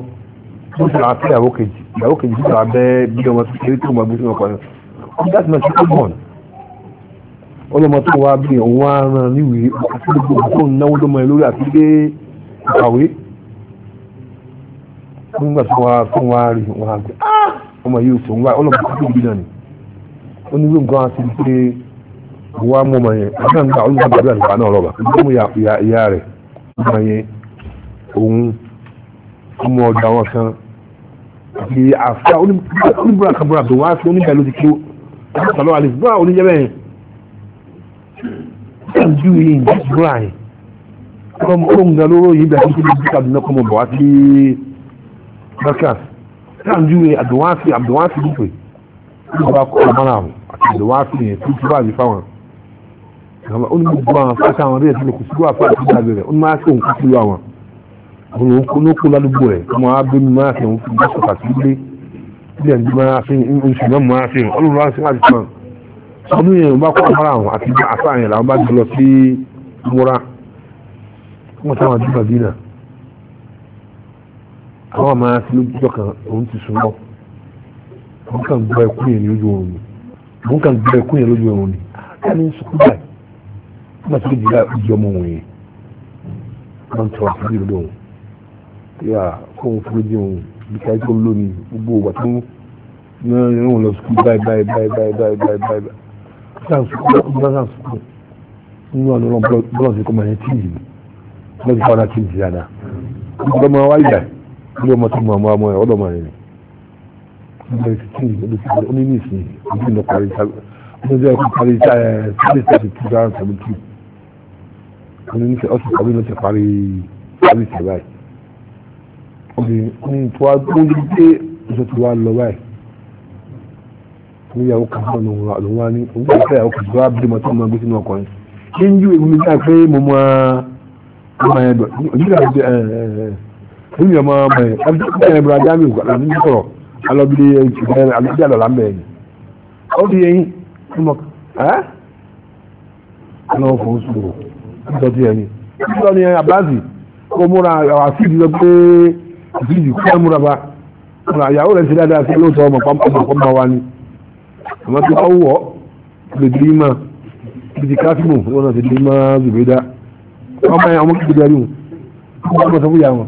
ó sì rà sí ìyàwó kejì ìyàwó kejì sì rà bẹ́ẹ̀ bí ọmọ tó kéré tó ọmọ gbé sínú ọkọ̀ rẹ̀ ó dá sí náà ṣe ọgbọ̀n ọlọ́mọ tó wá bí òun á ràn níwèé àti gbogbo tó ń náwó lọ́mọ ẹ lórí àti dé ìkàwé nígbà tó wá fún wa rí wọn àgbẹ̀ ah! ọmọ yìí ò tó ń wá ọlọ́mọ tó tóbi náà ó ní gbogbo wọ́n mú ma yẹn ọ̀sán nígbà ọ̀sán nígbà bíi àgbà náà rọ̀bà nígbà mú ìyá rẹ̀ ma yẹn òun mú ọjà wọn kan àti àfẹ́ oníbúra kan búra tó wá sí oníbẹ̀ ló ti kí ó sọ̀rọ̀ àlè búra oníjẹ́bẹ̀ yẹn sàn ju yìí ń jẹ́ búra yẹn kọ́ mú kó ń ga lóró yìí bẹ̀rẹ̀ tó ti kàdùn náà kọ́ mọ̀ bọ̀ wá sí bẹ́kà sàn ju yìí àdùnwá sí àdùnwá sí nípe nígbà kọ́ ọ̀mọ́ra àti àdùnwá sí yẹn tó ti bá àyè fáwọn kan ó ní gbogbo àwọn afáàtà àwọn abẹ́rẹ́ sílẹ̀ kò sí wà fáàtì ní abẹ́rẹ́ ó ní máa ṣe òǹkú sílẹ̀ àwọn òun ló kó ládùúgbò ẹ̀ ọmọ abẹ́mi máa fi òun fi gbé sọ̀tà sí ilé ilé ẹ̀dí máa fi oṣù náà máa fi hàn ọlọ́run láti láti tán ọdún yẹn bá kó àmọ́ra àwọn àti àfáà yẹn làwọn bá jọ lọ sí múra wọ́n táwọn àdúgbò dínà àwọn máa fi lójújọ kan òun ti sùn lọ òun kàn gbọ́ ẹkún yẹn lójú oorun ni òun kàn gbọ́ ẹkún yẹn lójú oorun ni káà ní sùkúl báyìí kuma suke jira ijiyar mun wuyi wọn tọrọ Ya, ìlú lóhun yà fóun fún ìdí òun bíkà ìkó lónìí gbogbo ìgbà tó náà yóò lọ sukùl báyìí báyìí báyìí báyìí báyìí báyìí báyìí sáà sukùl báyìí sáà sukùl nínú àná bọ́lá sí kọ́mọ̀ ẹ̀ tí yìí bọ́lá sí kọ́mọ̀ tí yìí dáadáa gbogbo ọmọ wa yà ilé ọmọ tó mọ ọmọ ọmọ rẹ ọdọ ọmọ rẹ ọmọ rẹ tí yìí ó ní ní ìsìn ìdí ìnà parí sáà ó ní ìjọ ẹkọ parí sáà ẹ ní ní ọtí kọ́bí ló ti parí parí ìṣẹ̀ báyìí obìnrin ní tó wá tó yí pé oṣù tó wá lọ báyìí níyàwó kan fún ọ̀nà òun àlùwá ní òun àti ìyàwó kan tó wá bí mọ́tò máa gbé sínú ọkọ̀ yìí kí ń ju èmi ní ká pé mo máa ọmọ yẹn dọ̀ nígbà tí ẹ ẹ ẹ èmi ọmọ ọmọ yẹn àti ìyàwó yẹn bọ̀rọ̀ ajá mi ò kàlà nínú sọ̀rọ̀ alọ́bìlẹ̀ ìtìlẹ̀ alọ́bìlẹ̀ àlọ́lá ń bẹ̀rẹ̀ ni ó fi yẹn ọmọ ẹ́ ọlọ́wọ́ fọ́ sùúrù dọ̀tí ẹni nígbà ní abáàzì kó múra àfíìdì lọ pé àfíìdì kó múra bá ọ̀nà àyàwó rẹ̀ ti dáadáa sí lóòótọ́ ọmọ pàmò wa ni àmọ́ tó bá wọ̀ lè di í máa bíi kásìmù wọn náà ti di má zùbẹ́dá ọmọ yẹn ọmọ kékeré rí wọn ọmọ sọ fún yà wọn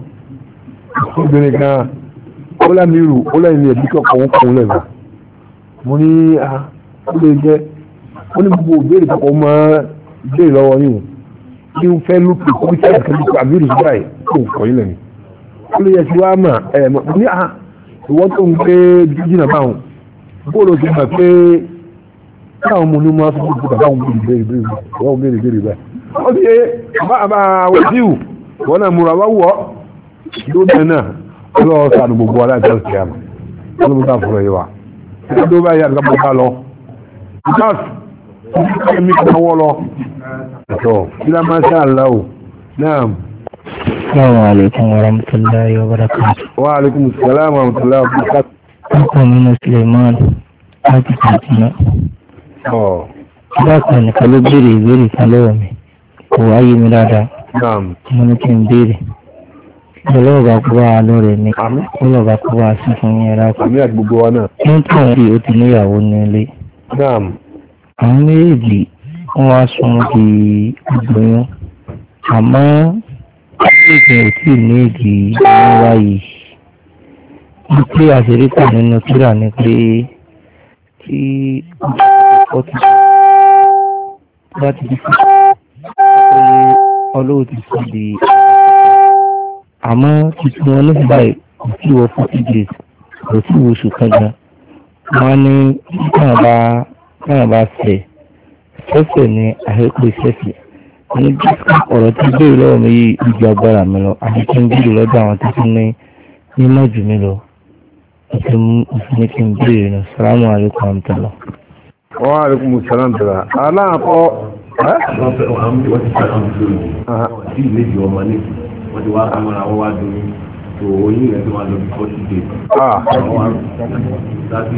obìnrin kan ó lá mi rù ó lá ìrìn ẹ̀bí kọ̀ọ̀kan wọn kọ̀ lẹ́gbà mo ní ah, kí n fẹ́ lùpù kó tí àti lùpù àbírí sí báyìí kó kọ̀ yín lẹ́nu ó lè yẹ sí wá mà ẹ̀ ní à ah, ìwọ́n tó ń gbé jíjìnà báwọn bóòlù ti mọ̀ pé káwọn ọmọ onímọ̀ sọ pé bàbá òun béèrè béèrè bàbá òun béèrè béèrè báyìí ó ti yé bá àbá wòsíù wọn náà múra wá wọ̀ ló dẹ̀ náà ọlọ́wọ́ sànù gbogbo a sí àmà ọlọ́wọ́ sànù fúnra yìí wa ìdílé báyìí àti kábọ̀ bá lọ ìtàs ìdílé mi kàn wọ́ lọ to ila ma sha Allah na'am assalamu alaikum wa rahmatullahi wa barakatuh wa alaikum assalam wa rahmatullahi wa barakatuh ko mi na Suleiman láti Katsina ọ dákun nìkan ló béèrè ìbéèrè kan lọ́wọ́ mi kò wáyé mi dáadáa mo ní kí n béèrè ìjọlọ́ ọba kó bá wa lóore ní kó lọ́ba kó bá wa sí fún yín ẹ̀rọ kan ní tòun bí o níyàwó nílé àwọn méjèèjì wọ́n wá sun di ìgbóyún àmọ́ ìgbẹ́ ò tí ì ní ìdí ìgbóyún báyìí ní pé àṣírí kù nínú kíra ni pé tí ó ti bá ti di fún pé ọlọ́wọ́ ti sọ di àmọ́ tuntun wọn ló báyìí kò tí wọ forty days kò tí wọ oṣù kan gan wọn ní káyọ̀ bá káyọ̀ bá fẹ̀ ẹsẹ̀ ni àhẹ́pẹ́ sẹ́fì ní dísíkà ọ̀rọ̀ tí béèrè lọ́wọ́ mi yí ìjọ agbára mi lọ àti kí n béèrè lọ́dọ̀ àwọn tó tún ní mímọ́ jù mí lọ àti ní kí n béèrè lọ sàlámù alaykum amtala. wọ́n á rí kún sàlám tẹ̀lá aláàkọ́. wọ́n wọ́n ti sàlámù lónìí wọ́n wọ́n ti wá kámọ́ra wọ́n wá dùn mí so oyún rẹ̀ tó wà lọ bí forty days. Ah. so ọmọ tí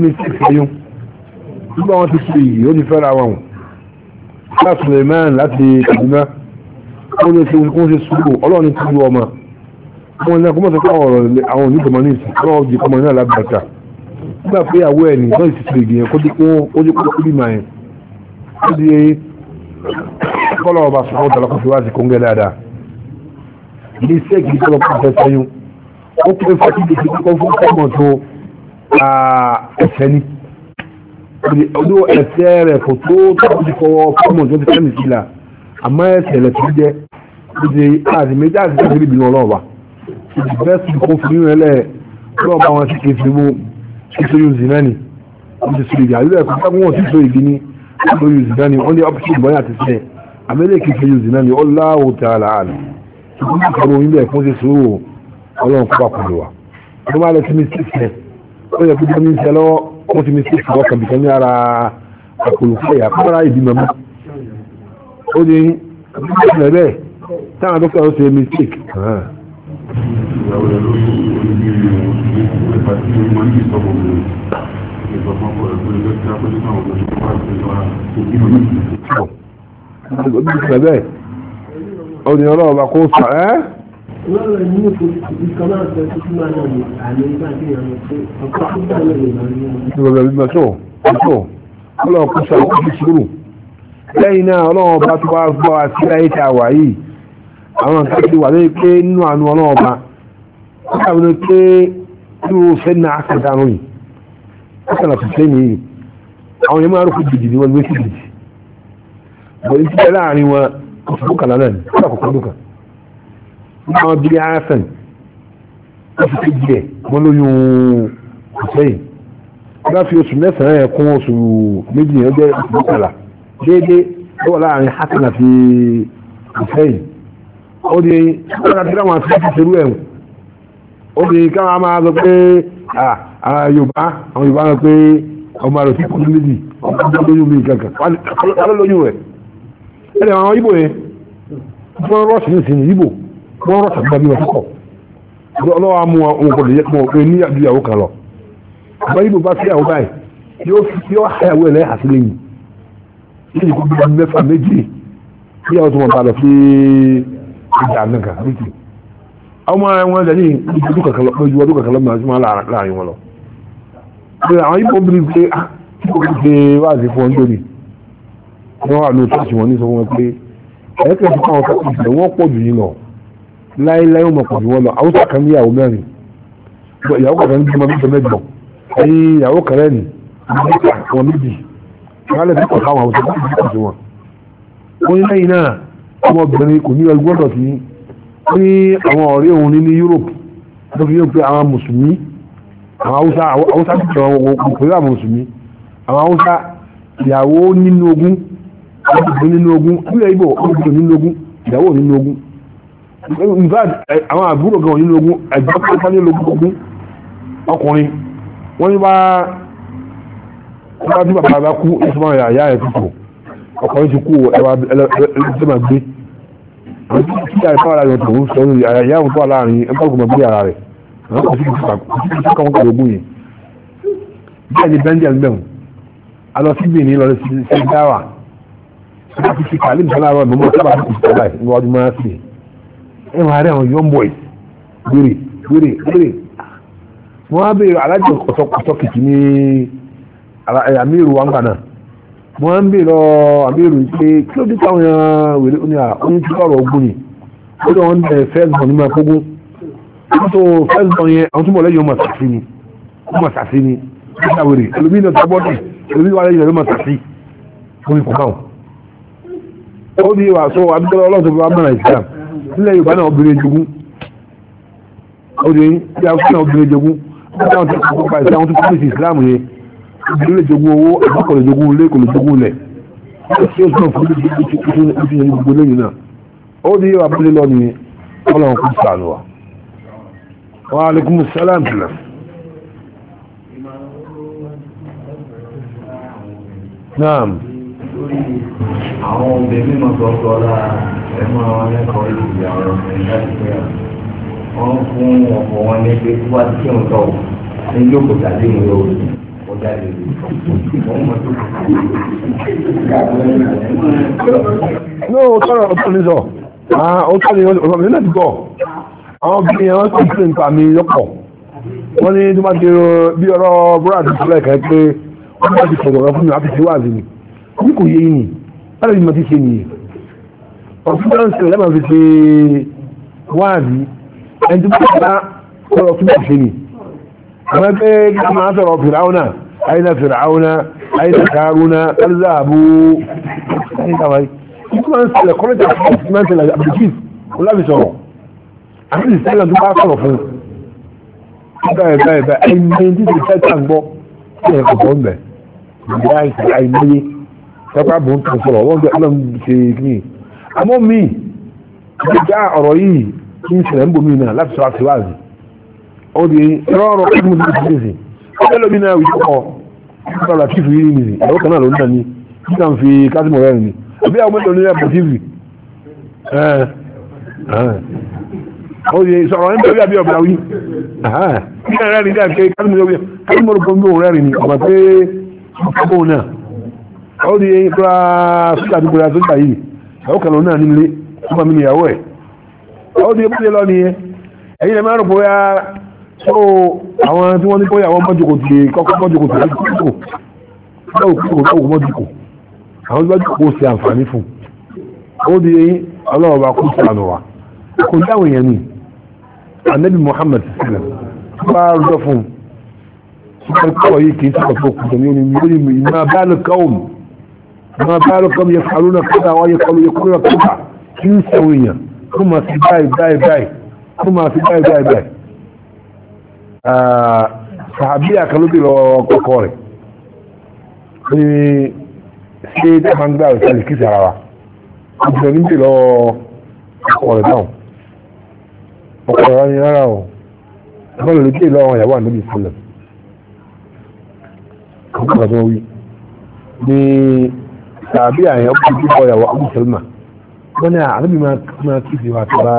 mi sì fẹ́yún nígbà wọn ti fi yìí ó ti fẹ́ra wọn o láti Suleiman láti Kaduna ó lè ṣe kó ṣe sùúrù ọlọ́run ti lu ọmọ wọn ní akọ́mọ́sọ pé àwọn ọ̀rọ̀ àwọn òní tọmọ ní ìsìn ọlọ́run jẹ ọmọ náà lábàtà nígbà pé àwọ̀ ẹ̀ nìkan ìsìnkú ìgbìyànjú kó dé kó dé kó dé bímọ yẹn ọdí kọ́lọ̀ọ̀bà sọ̀rọ̀ tàlọ́kọ̀ fi wá sí kóńgẹ́ dáadáa ní sẹ́ẹ̀kì tó lọ́kọ̀ fẹ́ sẹ́yún ó pé fọ́tí lè fi kọ́ fún kọ́mọ̀ tó ẹ̀fẹ́ ní ọdún ẹ̀fẹ́ rẹ̀ kò tó tọ́kọ̀ ti fọwọ́ kọ́mọ̀ tó ti fẹ́mi sílà àmọ́ ẹ̀sẹ̀ rẹ̀ tó jẹ́ ó di àti méjì àti tó fi bínú ọlọ́ọ̀bà ìdí bẹ́ẹ̀sì kó fi nínú ẹlẹ́ ọlọ́ọ̀bà wọn sì kéfì mú sísóyún zinani ó ti sọ abu yuzina ni wọ́n ní option bọ́yá àti sílẹ̀ amẹ́lẹ́kì fẹ́ yuzina ni Allahu ta'ala àlù ṣùgbọ́n ní kọ̀ọ̀rọ̀ yín bẹ́ẹ̀ fún ṣe sòwò ọlọ́run kọ́ pàpàlù wa wọ́n máa lọ sí mi six ẹ̀ ó yẹ kó jẹ́mi ṣe lọ́wọ́ ó ti mi six lọ́wọ́ kàbí kan ní ara àkọlùkọ́ ẹ̀yà kọ́ra ìdí mọ́mọ́ ó ní ìpínlẹ̀ bẹ́ẹ̀ táwọn dókítà ó ṣe mistake ìyàwó rẹ̀ lóyún orí bí mo ti ń bẹ́ẹ̀ ọ̀nì ọlọ́run bá kó sà ẹ́. ìrọ̀lẹ́ bí ma tó tó ọlọ́run kó sà ó fi sùúrù lẹ́yìn náà ọlọ́run bá tó bá gbọ́ àti láyé tá a wà yìí àwọn nǹkan ti wà lórí pé nínú àánú ọlọ́run bá wọ́n tàbí pé irú fẹ́ náà kàdánù yìí ọ̀sánà tó tẹ́ nìyí àwọn yẹn máa rúkú jìjì ni wọ́n gbé sí jìjì bọ̀ ní síbẹ̀ láàrin wọn oṣù kàlá náà ní kọ́lá kọ̀ọ̀kan ló kàn ní àwọn bíi arásan oṣù kejì ẹ̀ wọ́n lóyún ọ̀sẹ́yìn wọ́n á fi oṣù mẹ́sàn-án yẹn kún oṣù méjì yẹn jẹ́ oṣù kàlá déédéé lọ́wọ́ láàrin hasan àti ọ̀sẹ́yìn ó di kọ́lá tí wọ́n ti ṣerú ẹ̀ ó di káwọn máa sọ pé àwọn ah, Yorùbá àwọn Yorùbá wọn pé ọmọ rẹ̀ sí kọ́ńtù méjì ọmọ lóyún mi kankan wọn lóyún rẹ̀ ẹ̀rẹ̀ àwọn Ìgbò yẹn wọ́n rọ́ọ̀sì ní ìsinmi Ìgbò wọ́n rọ́ọ̀sì àgbà bí wọ́n tó kọ̀ ọlọ́wọ́ amú wọn kò lè yẹ kó pé ní àdúyàwó kan lọ ọmọ Ìgbò bá sí àwọn báyìí yóò fi yọ àyàwó ẹ̀ lẹ́yìn àtìlẹ́yìn yóò yẹ kó bí wọn mẹ́fà méjì bí àwọn tó wọn bá lọ sí ìjà náà ọmọ wọn dẹ̀ ní ojú ọdún kankan lọ́mọ àti máa láàrin wọn lọ. pé àwọn ibo bí pé kò kí ṣe wáàzì fún ọjọ́ ni wọ́n wà lóòótọ́ àti wọn ní sọ fún wọn pé ẹ̀ẹ́kẹ́ fún àwọn kan ìṣẹ̀lẹ̀ wọ́n pọ̀ jù yín lọ láéláé wọn pọ̀ jù wọn lọ haúsá kan ní ìyàwó mẹ́rin ìyàwó kan ní bímọ mẹ́jọ mẹ́jọ ẹ̀yìn ìyàwó kan rẹ̀ ní wọn méjì kálẹ̀ bí kò sáwọn haúsá kan ní ìyàwó wọn. wọ́n ní lẹ́yìn náà ọmọbìnrin kò ní ẹgbọ́dọ̀ sí ní àwọn ọ̀rẹ́ òun ní ní Europe tó fi yóò pé àwọn mùsùlùmí àwọn haúsá ti jọ pẹ̀lú àwọn mùsùlùmí àwọn haúsá ìyàwó nínú ogun ọdún nínú ogun nílẹ̀ ibò ọdún nínú ogun ìyàwó nínú ogun in fact àwọn àbúrò gan nínú ogun ẹ̀gbọ́n pátá nínú ogun ọkùnrin wọ́n ní bá wọ́n bá tí bàbá bá kú ìfúnmọ́ ìyá ẹ̀ kúkú ọkùnrin ti kú ẹwà ẹlẹ́sẹ̀ máa gbé ojú kí àìfá ara rẹ̀ tòun sọ lórí ara ìyá òun tó wà láàrin ẹgbẹ́gbọ̀n mọ̀ bí ara rẹ̀ àwọn kò sí kí kọ́ kọ́ ogun yìí bí ẹni bẹ́ndì ẹgbẹ́ wọn a lọ sí bìíní lọ sí ṣe dáwà ṣe kí ti kàlí nìkan láàárọ̀ ìmọ̀ sábà kò sí ọ̀la ìwọ ọdún máa sí ẹ wà rẹ̀ àwọn young boys wèrè wèrè wèrè wọ́n á bèèrè alájọ ọ̀sọ́kìtì ní àmì ìrù wa ń gbà náà mo ń bè lọ àbẹ̀rù pé kí ló dé táwọn èèyàn wèrè ní àwọn tí ọ̀rọ̀ ogun ni ó lọ ń bẹ̀ fẹ́ẹ̀sìbọ̀n nígbà kógún wọ́n tó fẹ́ẹ̀sìbọ̀n yẹn àwọn túnbọ̀ lẹ́yìn ọmọ sàfí ni ọmọ sàfí ni nígbà wèrè ẹlòmí lọ tábọ́dì ẹlòmí wà lẹ́yìn ọmọ sàfí omi kò bá wọn. ó di wà sọ abíkọ́lá ọlọ́run tó bá mọ̀nà ìsìlám nílẹ̀ yorùbá náà obìnrin jogún ó di bí a fún náà obìnrin jogún ó obìnrin lè jogún owó àbákọ̀ lè jogún ilé kò lè jogún ilẹ̀ tí ó sọ fún mi ti ti ti ní gbogbo lẹ́yìn náà ó ní yóò abúlé lọ ní ọlọ́run kò sànù wa. wa alaikum salam tìlẹ̀. naam. àwọn obìnrin mọ̀ sọ́sọ́ lára ẹ̀ máa lẹ́kọ̀ọ́ ìdíyà ọ̀rọ̀ ìdájọ́ ìgbéyàwó wọ́n fún ọ̀pọ̀ wọn ní pé wá sí ọ̀tọ̀ ní yóò tàbí ìwé jáde ní o sọ̀rọ̀ ọ̀tọ̀ ní sọ ó tọ́ ni ọ̀tọ̀ mi náà ti gbọ́ àwọn obìnrin yẹn wọ́n ti pè nípa mi lọ́pọ̀ wọ́n ní tó máa ti bí ọ̀rọ̀ búrọ̀ àti ìṣúlẹ̀ kan pé wọ́n máa ti sọ̀rọ̀ fún mi àti ìṣúwà àti mi ní kò yé yìí báyìí ni mo ti ṣe nìyí ọ̀tún bá ń ṣe lẹ́mọ̀ fi ṣe wáàbí ẹni tó bá sọ̀rọ̀ fún mi àti mi àwọn ẹgbẹ́ máa sọ̀rọ̀ fìràwọ̀ náà aina fir'auna aina karuna kar zabu kuma sila kọlọjà man sila abdulkis olabisọrọ àti sila tó bá sọ̀rọ̀ fún báyìí báyìí báyìí ẹni tí ti fẹ́ tàn gbọ́ ẹ̀ kọ̀kọ́ ń bẹ̀ ìgbà àìsàn àìmọye tọ́pá bò ń tàn sọ̀rọ̀ wọ́n gbé ọlọ́run ṣe kí àmọ́ mi gbígbá ọ̀rọ̀ yìí kí n ṣẹlẹ̀ ń bomi náà láti sọ àtiwáàzì ó di ẹ̀rọ ọ̀rọ̀ kí mo ti fi ṣe ẹlòmí náà wíjọ kọ nípa latif yìí nìyí àwọn kan náà ló ń nà ní kí náà fi kásìmọ̀ rẹ̀ nìyí àbí àwọn mẹ́tọ̀ nílẹ̀ pọ̀tífì ó yẹ sọ̀rọ̀ nípa orí àbí ọ̀bìnrin wí kí náà rẹ̀ nígbà pé kásìmọ̀ rẹ̀ gbọ́n rẹ̀ nìyí ọ̀gbà pé ọkọ̀ náà ó di yẹn kura sójà tó kura sójà yìí àwọn kan ló náà nílé ọmọ mi nìyàwó ẹ̀ ó di yẹn bó ti lọ nìyẹn ẹ̀yin lè má rò bóyá so àwọn tí wọ́n ní kó yàwó mọ́jòkò tí kọ́kọ́ mọ́jòkò tí kò lọ́wọ́ mọ́jòkò àwọn mọ́jòkò ṣe àǹfààní fún ó di ọlọ́wọ́ bá kú sànù wa kò dáwọn èèyàn ni anabi muhammad sílẹ̀ bá rọ́ fún súpẹ́ kọ́ yìí kì í sọ̀rọ̀ tó kù tẹ̀lé onímọ̀ onímọ̀ ìmọ̀ abáàlù káwọ̀m ìmọ̀ abáàlù káwọ̀m yẹ fàlú náà kọ́ta wọ́n yẹ kọ́lu yẹ kọ́lu kọ́ta kí ń sẹ̀wọ̀n èèyàn kó máa fi báyìí báyìí báyìí kó máa fi báyìí báyìí báyìí sahabiya kan ló bèrè ọkọ rẹ̀ ó ní ṣé dáhà ń gbà rẹ̀ sálì kí sara wa ọkùnrin ní bèrè ọkọ rẹ̀ dáhùn ọkọ rẹ̀ ní rárá o ọkọ rẹ̀ ló bèrè lọ́wọ́ ìyàwó ànábì sílẹ̀ ọkọ rẹ̀ tó wí ní sahabiya yẹn ọkùnrin tó kọ ìyàwó àbú sẹ́lmà wọ́n ní wa tó bá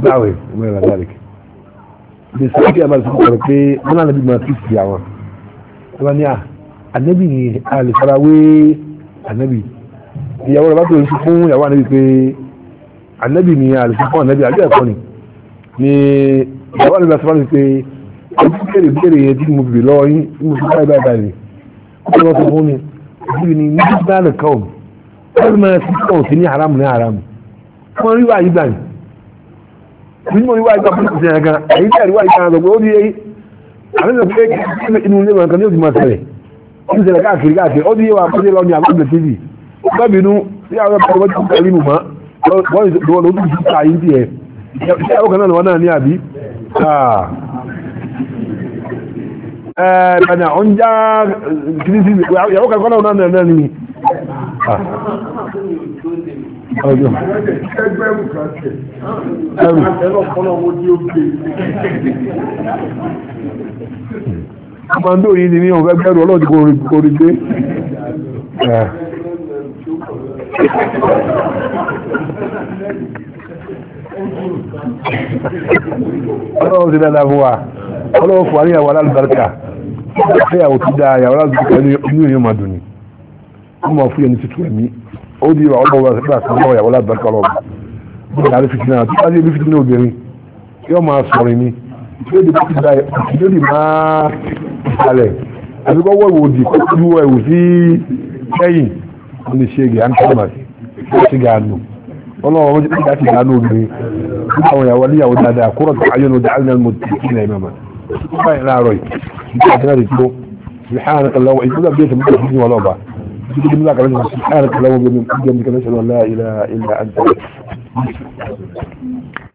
gbà rẹ̀ ọmọ ìrìn àjálìkì bí sọ́kì àbáṣe kọ̀rọ̀ pé wọ́n náà nàbí máa fi sí àwọn wọ́n ní à ah, ànábì ni àlùfarawé ànábì ìyàwó rẹ̀ bá tó ń sọ fún ìyàwó ànábì pé ànábì ni àlùfáà ànábì àbí ẹ̀kọ́ ni ni ìyàwó ànábì àti fáwọn pé ojú béèrè béèrè yẹn tí mo bì lọ́wọ́ yín tí mo fi báyìí báyìí báyìí kó lọ́ sọ fún mi ìdíbi ni ní bí bá nìkan ò wọ́n máa fi ní haram ní haram wọ́n rí wáyé gbà yìí nínú ìwà ìgbà fún ìsìn àgàn èyí tí àríwá ìgbà àgbà ó di èyí àwọn ìgbà pé inú ilé wọn kan ní òsìmọ̀ sẹ̀rẹ̀ ó ti ṣẹlẹ̀ káàkiri káàkiri ó di yé wa kó dé lọ ní àgbàgbà tv gbọ́bìnú sí àwọn ọ̀pọ̀ ọmọdé tó kẹ́lí mùmọ́ wọ́n ìṣòro ló tún ta yín tiẹ̀ ṣé àwọn kan náà wọn náà ní àbí. ẹ̀ẹ́dà ọ̀n já kìrìsì ìyàwó kan kọ́ náà náà ní ọjọ́ ẹgbẹ́rún kan tẹ̀ ẹ̀rọ kọ́nà owó tí ó gbé àmàndó yìí ni ní ọ̀fẹ́ gbẹ́rù ọlọ́dún kò rí gbé ọlọ́run ti dáadáa fún wa ọlọ́run fún wa ní àwọn alábàárìkà ṣé àwọn tí dáa àwọn alábàárìkà ní ìyẹn máa dùn ní wọ́n máa fún yẹn ní títú ẹ̀mí ó di ìwà ọlọ́wọ́ ẹgbẹ́ àti ọlọ́wọ́ ìyàwó lábẹ́kọ̀ ọlọ́wọ́ bí i àrífi náà tó wáyé ìrífi náà obìnrin yóò máa sọ̀rọ̀ mi yóò di máa ìsàlẹ̀ àti kọ́wọ́ ìwò òdì kó ju ẹ̀wù sí sẹ́yìn ó lè ṣe gàánù kọ́màsì ó ṣe gàánù ọlọ́wọ́ ọjọ́ ìgbà ti gàánù obìnrin nígbà àwọn ìyàwó níyàwó dáadáa kúrọ̀ tó ayé lóde alẹ́ mo ti kí ilẹ̀ ìmọ̀mọ̀ nígbà ìlàrọ̀ yìí nígbà tí wọ́n ti tó ìhàn àti ọlọ́wọ́ ìgbà bí ó ti mú سبحانك اللهم وبحمدك ان لا اله الا انت